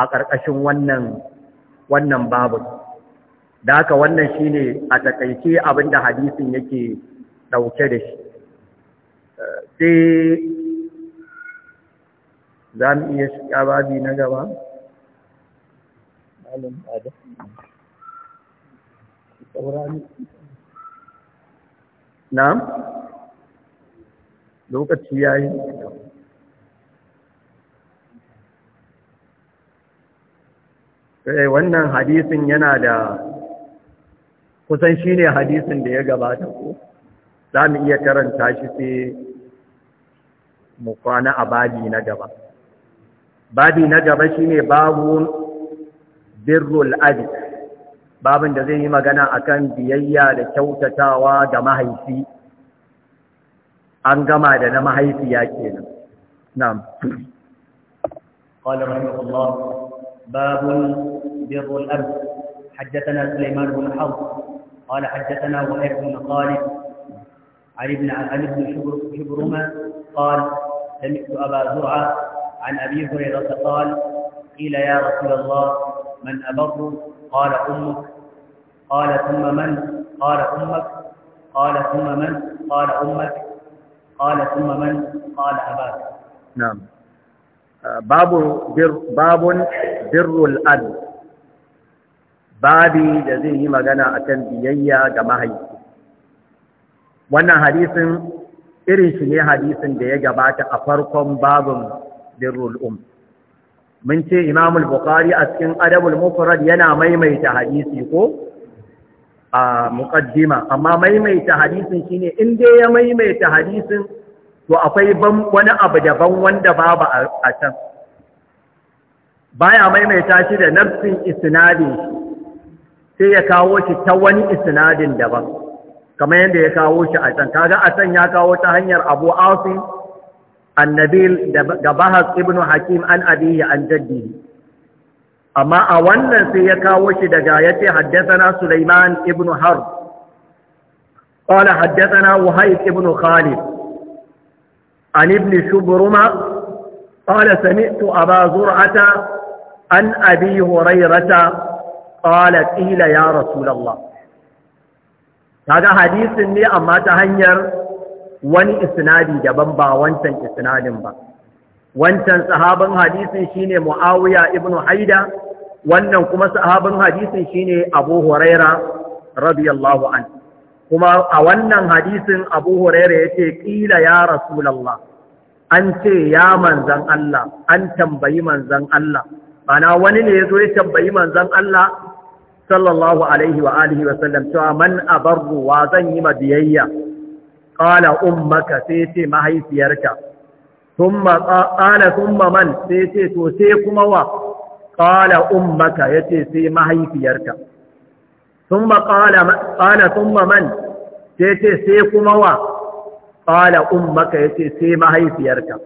A: a ƙarƙashin wannan wannan babu da haka wannan shine a takaice abinda hadisin yake dauke da shi sai za mu iya shiga babi na gaba na lokaci ya yi eh, wannan hadisin yana da kusan shi ne hadisin da ya gabata ko za mu iya karanta shi sai mu kwana a babi na gaba babi na gaba shi ne babun birrul abi babin da zai yi magana akan biyayya da kyautatawa ga mahaifi an gama da na mahaifi ke kenan na'am
B: قال رحمه الله باب بر حدثنا سليمان بن حرب قال حدثنا وهيب بن خالد عن ابن عن ابن شبرمة قال سمعت أبا زرعة عن أبي هريرة قال قيل يا رسول الله من أبر قال أمك قال ثم من قال أمك قال ثم من قال أمك قال ثم من قال أباك
A: نعم آه، باب بر باب بر الأب babi da zai yi magana akan biyayya ga mahaifi wannan hadisin irin shi ne hadisin da ya gabata a farkon babin birrul um mun ce Imamul bukhari a cikin Adabul Mufrad yana maimaita hadisi ko a muqaddima amma maimaita hadisin shine in dai ya maimaita hadisin to akwai wani abu daban wanda babu a can baya maimaita shi da nafsin isnadin shi sai ya kawo shi ta wani isnadin daban kamar yadda ya kawo shi a can kaga a can ya kawo ta hanyar Abu Asim annabil da Bahas ibn Hakim an abihi an jaddi amma a wannan sai ya kawo shi daga yace haddathana Sulaiman ibn Harb قال حدثنا وهيب ابن خالد عن ابن شبرمة قال سمعت أبا زرعة عن أبي هريرة qala qila ya rasulullah kaga hadisin ne amma ta hanyar wani isnadi daban ba wancan isnadin ba wancan sahabin hadisin shine muawiya ibnu haida wannan kuma sahabin hadisin shine abu huraira radiyallahu anhu kuma a wannan hadisin abu huraira ya ce ƙila ya rasulallah an ce ya manzan Allah an tambayi manzan Allah Bana wani ne ya zo ya tambayi manzon Allah sallallahu alaihi wa alihi wa sallam cewa man abarru wa zan yi biyayya qala ummaka sai ce mahaifiyarka thumma qala thumma man sai ce to sai kuma wa qala ummaka yace sai mahaifiyarka thumma qala qala thumma man sai ce sai kuma wa qala ummaka yace sai mahaifiyarka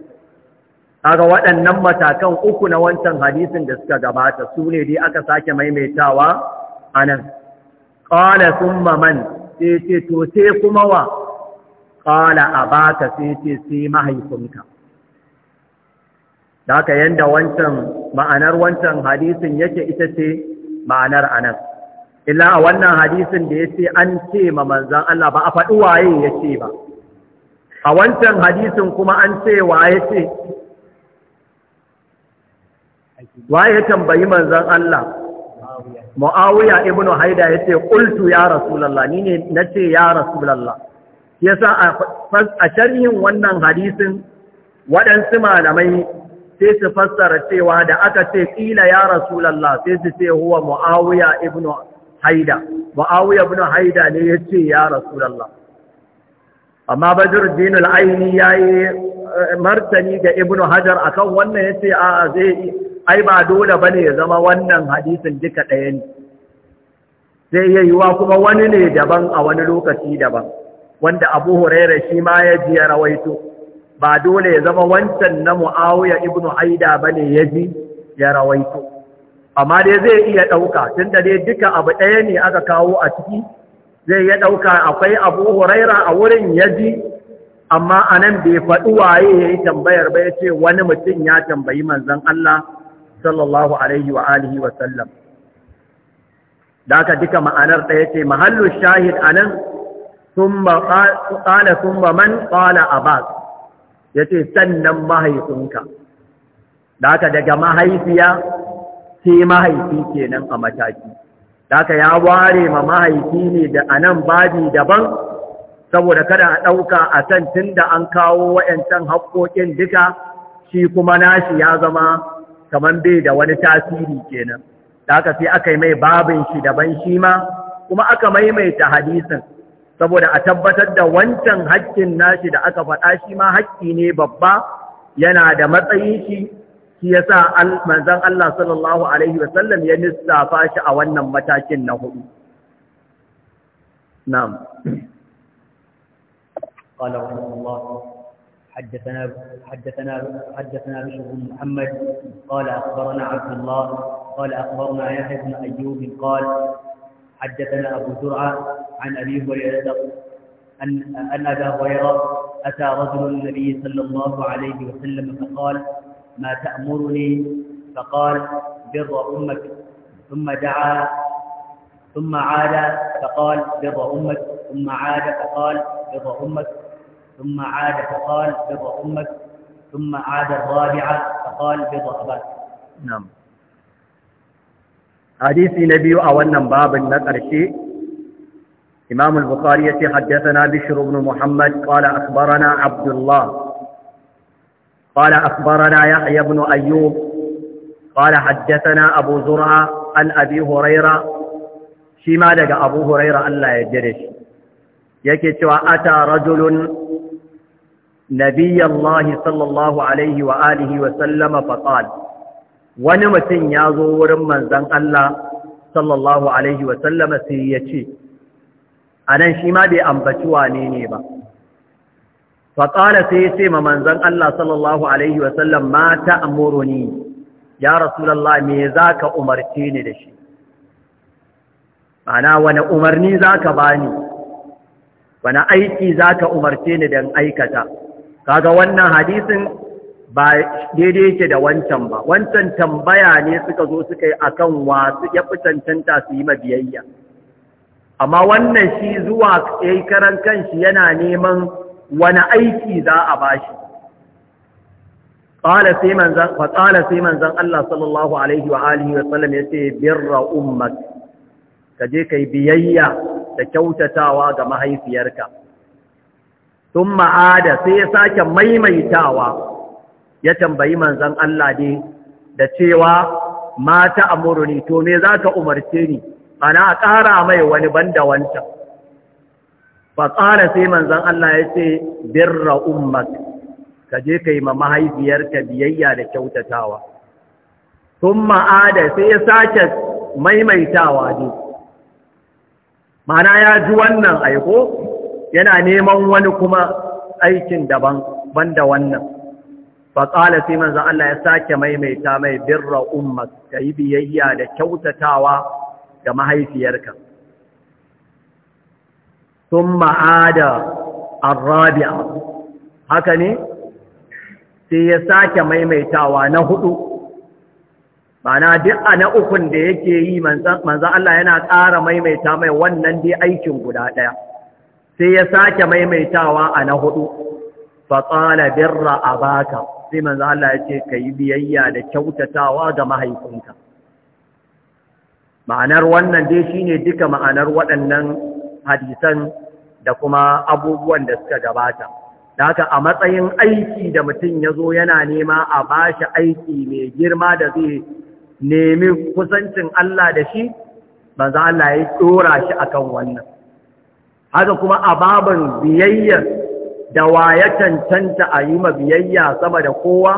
A: kaga waɗannan matakan uku na wancan hadisin da suka gabata su ne dai aka sake maimaitawa a nan ƙala sun man sai ce to sai kuma wa ƙala a baka sai ce sai mahaifinka da ka yanda wancan ma'anar wancan hadisin yake ita ce ma'anar anan illa a wannan hadisin da ya ce an ce ma manzan Allah ba a faɗi waye ya ce ba a wancan hadisin kuma an ce waye ce waye ya tambayi manzan Allah muawiya ibnu haida yace qultu ya rasulullah ni ne nace ya rasulullah yasa a sharhin wannan hadisin waɗansu malamai sai su fassara cewa da aka ce ƙila ya rasulullah sai su ce huwa mu'awiya ibn haida mu'awiya ibn haida ne yace ya rasulullah amma bajir dinul aini ya yi eh, martani ga ibn hajar akan wannan yace a zai ai ba dole bane ya zama wannan hadisin duka ɗaya ne sai ya wa kuma wani ne daban a wani lokaci daban wanda abu huraira shi ma ya ji ya rawaito ba dole ya zama wancan na mu'awiya ibnu aida bane ya ji ya rawaito amma dai zai iya ɗauka tun da dai duka abu ɗaya ne aka kawo a ciki zai iya ɗauka akwai abu huraira a wurin ya ji amma a nan bai faɗi waye ya yi tambayar ba ya ce wani mutum ya tambayi manzon Allah sallallahu alaihi wa alihi wa sallam da aka duka ma'anar ɗaya ce mahallu shahid anan thumma qala thumma man qala abbas yace sannan mahaifinka da aka daga mahaifiya ce mahaifi kenan a mataki da aka ya ware ma mahaifi ne da anan babi daban saboda kada a ɗauka a can tun da an kawo wa'yancan haƙoƙin duka shi kuma nashi ya zama kamar bai da wani tasiri kenan da aka sai aka yi mai babin shi daban shi ma kuma aka maimaita hadisin saboda a tabbatar da wancan haƙƙin nashi da aka faɗa shi ma haƙƙi ne babba yana da matsayin shi shi ya sa manzan Allah sallallahu alaihi wasallam ya lissafa shi a wannan matakin na hudu
B: na'am حدثنا حدثنا حدثنا بشر بن محمد قال اخبرنا عبد الله قال اخبرنا يحيى بن ايوب قال حدثنا ابو زرعه عن ابي هريره ان ان ابا هريره اتى رجل النبي صلى الله عليه وسلم فقال ما تامرني فقال بر امك ثم دعا ثم عاد فقال بر امك ثم عاد فقال بر امك ثم عاد فقال بضع أمك ثم عاد الرابعة فقال بضع أباك نعم
A: حديثي نبي أولا باب النقر شيء إمام البخاري حدثنا بشر بن محمد قال أخبرنا عبد الله قال أخبرنا يحيى بن أيوب قال حدثنا أبو زرعة عن أبي هريرة شما لقى أبو هريرة ألا يجرش يكتوى أتى رجل نبي الله صلى الله عليه وآله وسلم فقال wani mutum ya zo wurin manzan Allah sallallahu Alaihi wasallama sai ya ce, A nan shi ma bai ambaci wane ne ba, faƙala sai ya ce ma manzan Allah sallallahu Alaihi wasallam ma ta amuru ni, ya Rasulallah me za ka umarci ni da shi, ana wane umarni za ka ba ni, wane aiki za ka umarci ni don aikata. kaga wannan hadisin ba daidai yake da wancan ba wancan tambaya ne suka zo suka yi akan wasu ya fi cancanta su yi mabiyayya amma wannan shi zuwa ya yi karan kanshi yana neman wani aiki za a bashi ƙala sai manzan Allah sallallahu Alaihi wa wa sallam ya ce birra ummat ka je biyayya da kyautatawa ga mahaifiyarka sun ma'ada sai ya sake maimaitawa ya tambayi manzan Allah ne da cewa mata a to me za ka umarce ni ana ƙara mai wani banda wancan Ba ƙara sai manzan Allah ya ce birra ummak ka je ka yi ma mahaifiyarka biyayya da kyautatawa sun ma'ada sai ya sake maimaitawa ne mana ya ji wannan aiko yana neman wani kuma aikin daban banda wannan faƙala sai manzan Allah ya sake maimaita mai birra ummak ka yi biyayya da kyautatawa ga mahaifiyarka sun ma'ada Arrabiya haka ne sai ya sake maimaitawa na hudu Mana duk a na ukun da yake yi manzan Allah yana ƙara maimaita mai wannan dai aikin guda ɗaya sai ya sake maimaitawa a na hudu faƙala birra a baka sai manzo Allah ya ce ka yi biyayya da kyautatawa ga mahaifinka ma'anar wannan dai shine duka ma'anar waɗannan hadisan da kuma abubuwan da suka gabata da haka a matsayin aiki da mutum ya zo yana nema a ba shi aiki mai girma da zai nemi kusancin Allah da shi za Allah ya tsora shi akan wannan haka kuma a babun biyayya da wa ya cancanta a yi ma biyayya sama da kowa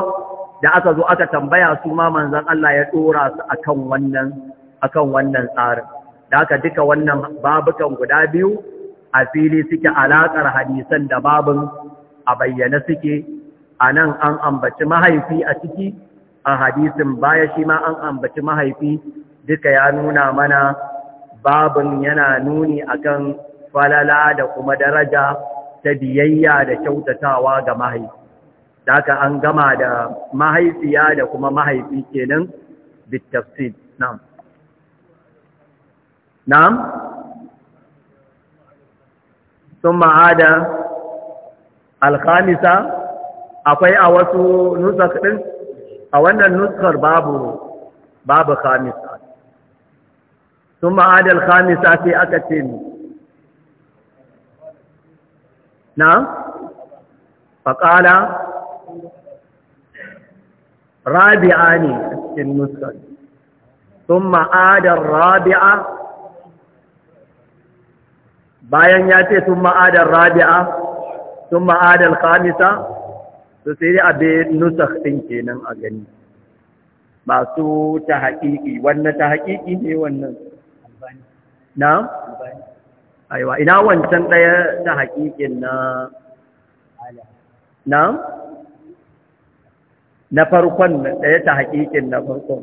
A: da aka zo aka tambaya su ma manzan Allah ya dora su akan wannan akan wannan tsarin da aka duka wannan babukan guda biyu a fili suke alaƙar hadisan da babin a bayyane suke a nan an ambaci mahaifi a ciki a hadisin baya shi ma an ambaci mahaifi duka ya nuna mana babun yana nuni akan falala da kuma daraja ta biyayya da kyautatawa ga mahaifi daga an gama da mahaifiya da kuma mahaifi kenan bitafsir na'am na'am sun ma'ada al-khamisa akwai a wasu nusakh din a wannan nuskar babu babu khamisa Sun ma'ada al-khamisa sai aka ce na faƙala rabi'a ne a cikin musul sun ma'adar rabi'a bayan ya ce sun ma'adar rabi'a sun ma'adar kamisa su sai abin nusar ɗin kenan a gani masu ta haƙiƙi wannan ta haƙiƙi ne wannan na?
B: aiwa ina wancan
A: ɗaya ta haƙiƙin na na na farkon ɗaya ta haƙiƙin na farkon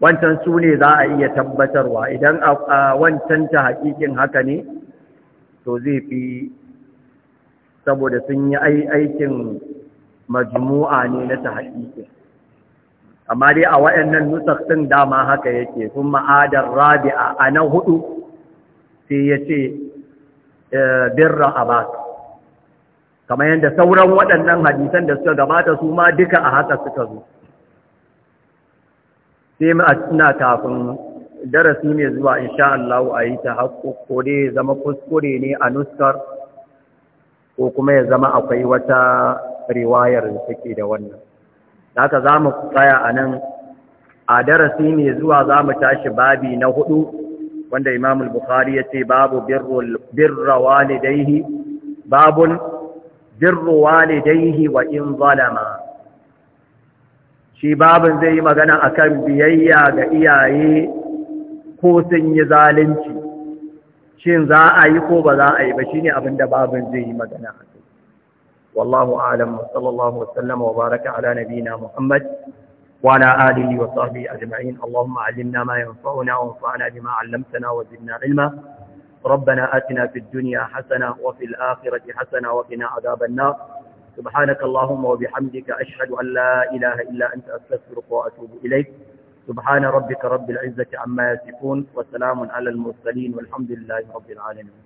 A: wancan su ne za a iya tabbatarwa idan a wancan ta haƙiƙin haka ne to zai fi saboda sun yi aikin majmu'a ne na ta haƙiƙin amma dai a waɗannan nutsar ɗin dama haka yake sun ma'adar rabi'a a na hudu sai ya ce eh, birra a su. kamar yadda sauran waɗannan hadisan da suka gabata su ma duka a haka suka zo sai ma suna kafin darasi ne zuwa insha'Allah, Allah a yi ta haƙƙo dai zama kuskure ne a nuskar ko kuma ya zama akwai wata riwayar da take da wannan haka za mu tsaya a nan a darasi ne zuwa za mu tashi babi na hudu wanda Imam al-Bukhari yace babu birrul birra walidayhi babun birru walidayhi wa in zalama shi babin zai yi magana akan biyayya ga iyaye ko sun yi zalunci shin za a yi ko ba za a yi ba shine abin da babin zai yi magana wallahu a'lam sallallahu alaihi wa wa baraka ala nabina muhammad وعلى آله وصحبه أجمعين اللهم علمنا ما ينفعنا وانفعنا بما علمتنا وزدنا علما ربنا آتنا في الدنيا حسنة وفي الآخرة حسنة وقنا عذاب النار سبحانك اللهم وبحمدك أشهد أن لا إله إلا أنت أستغفرك وأتوب إليك سبحان ربك رب العزة عما يصفون وسلام على المرسلين والحمد لله رب العالمين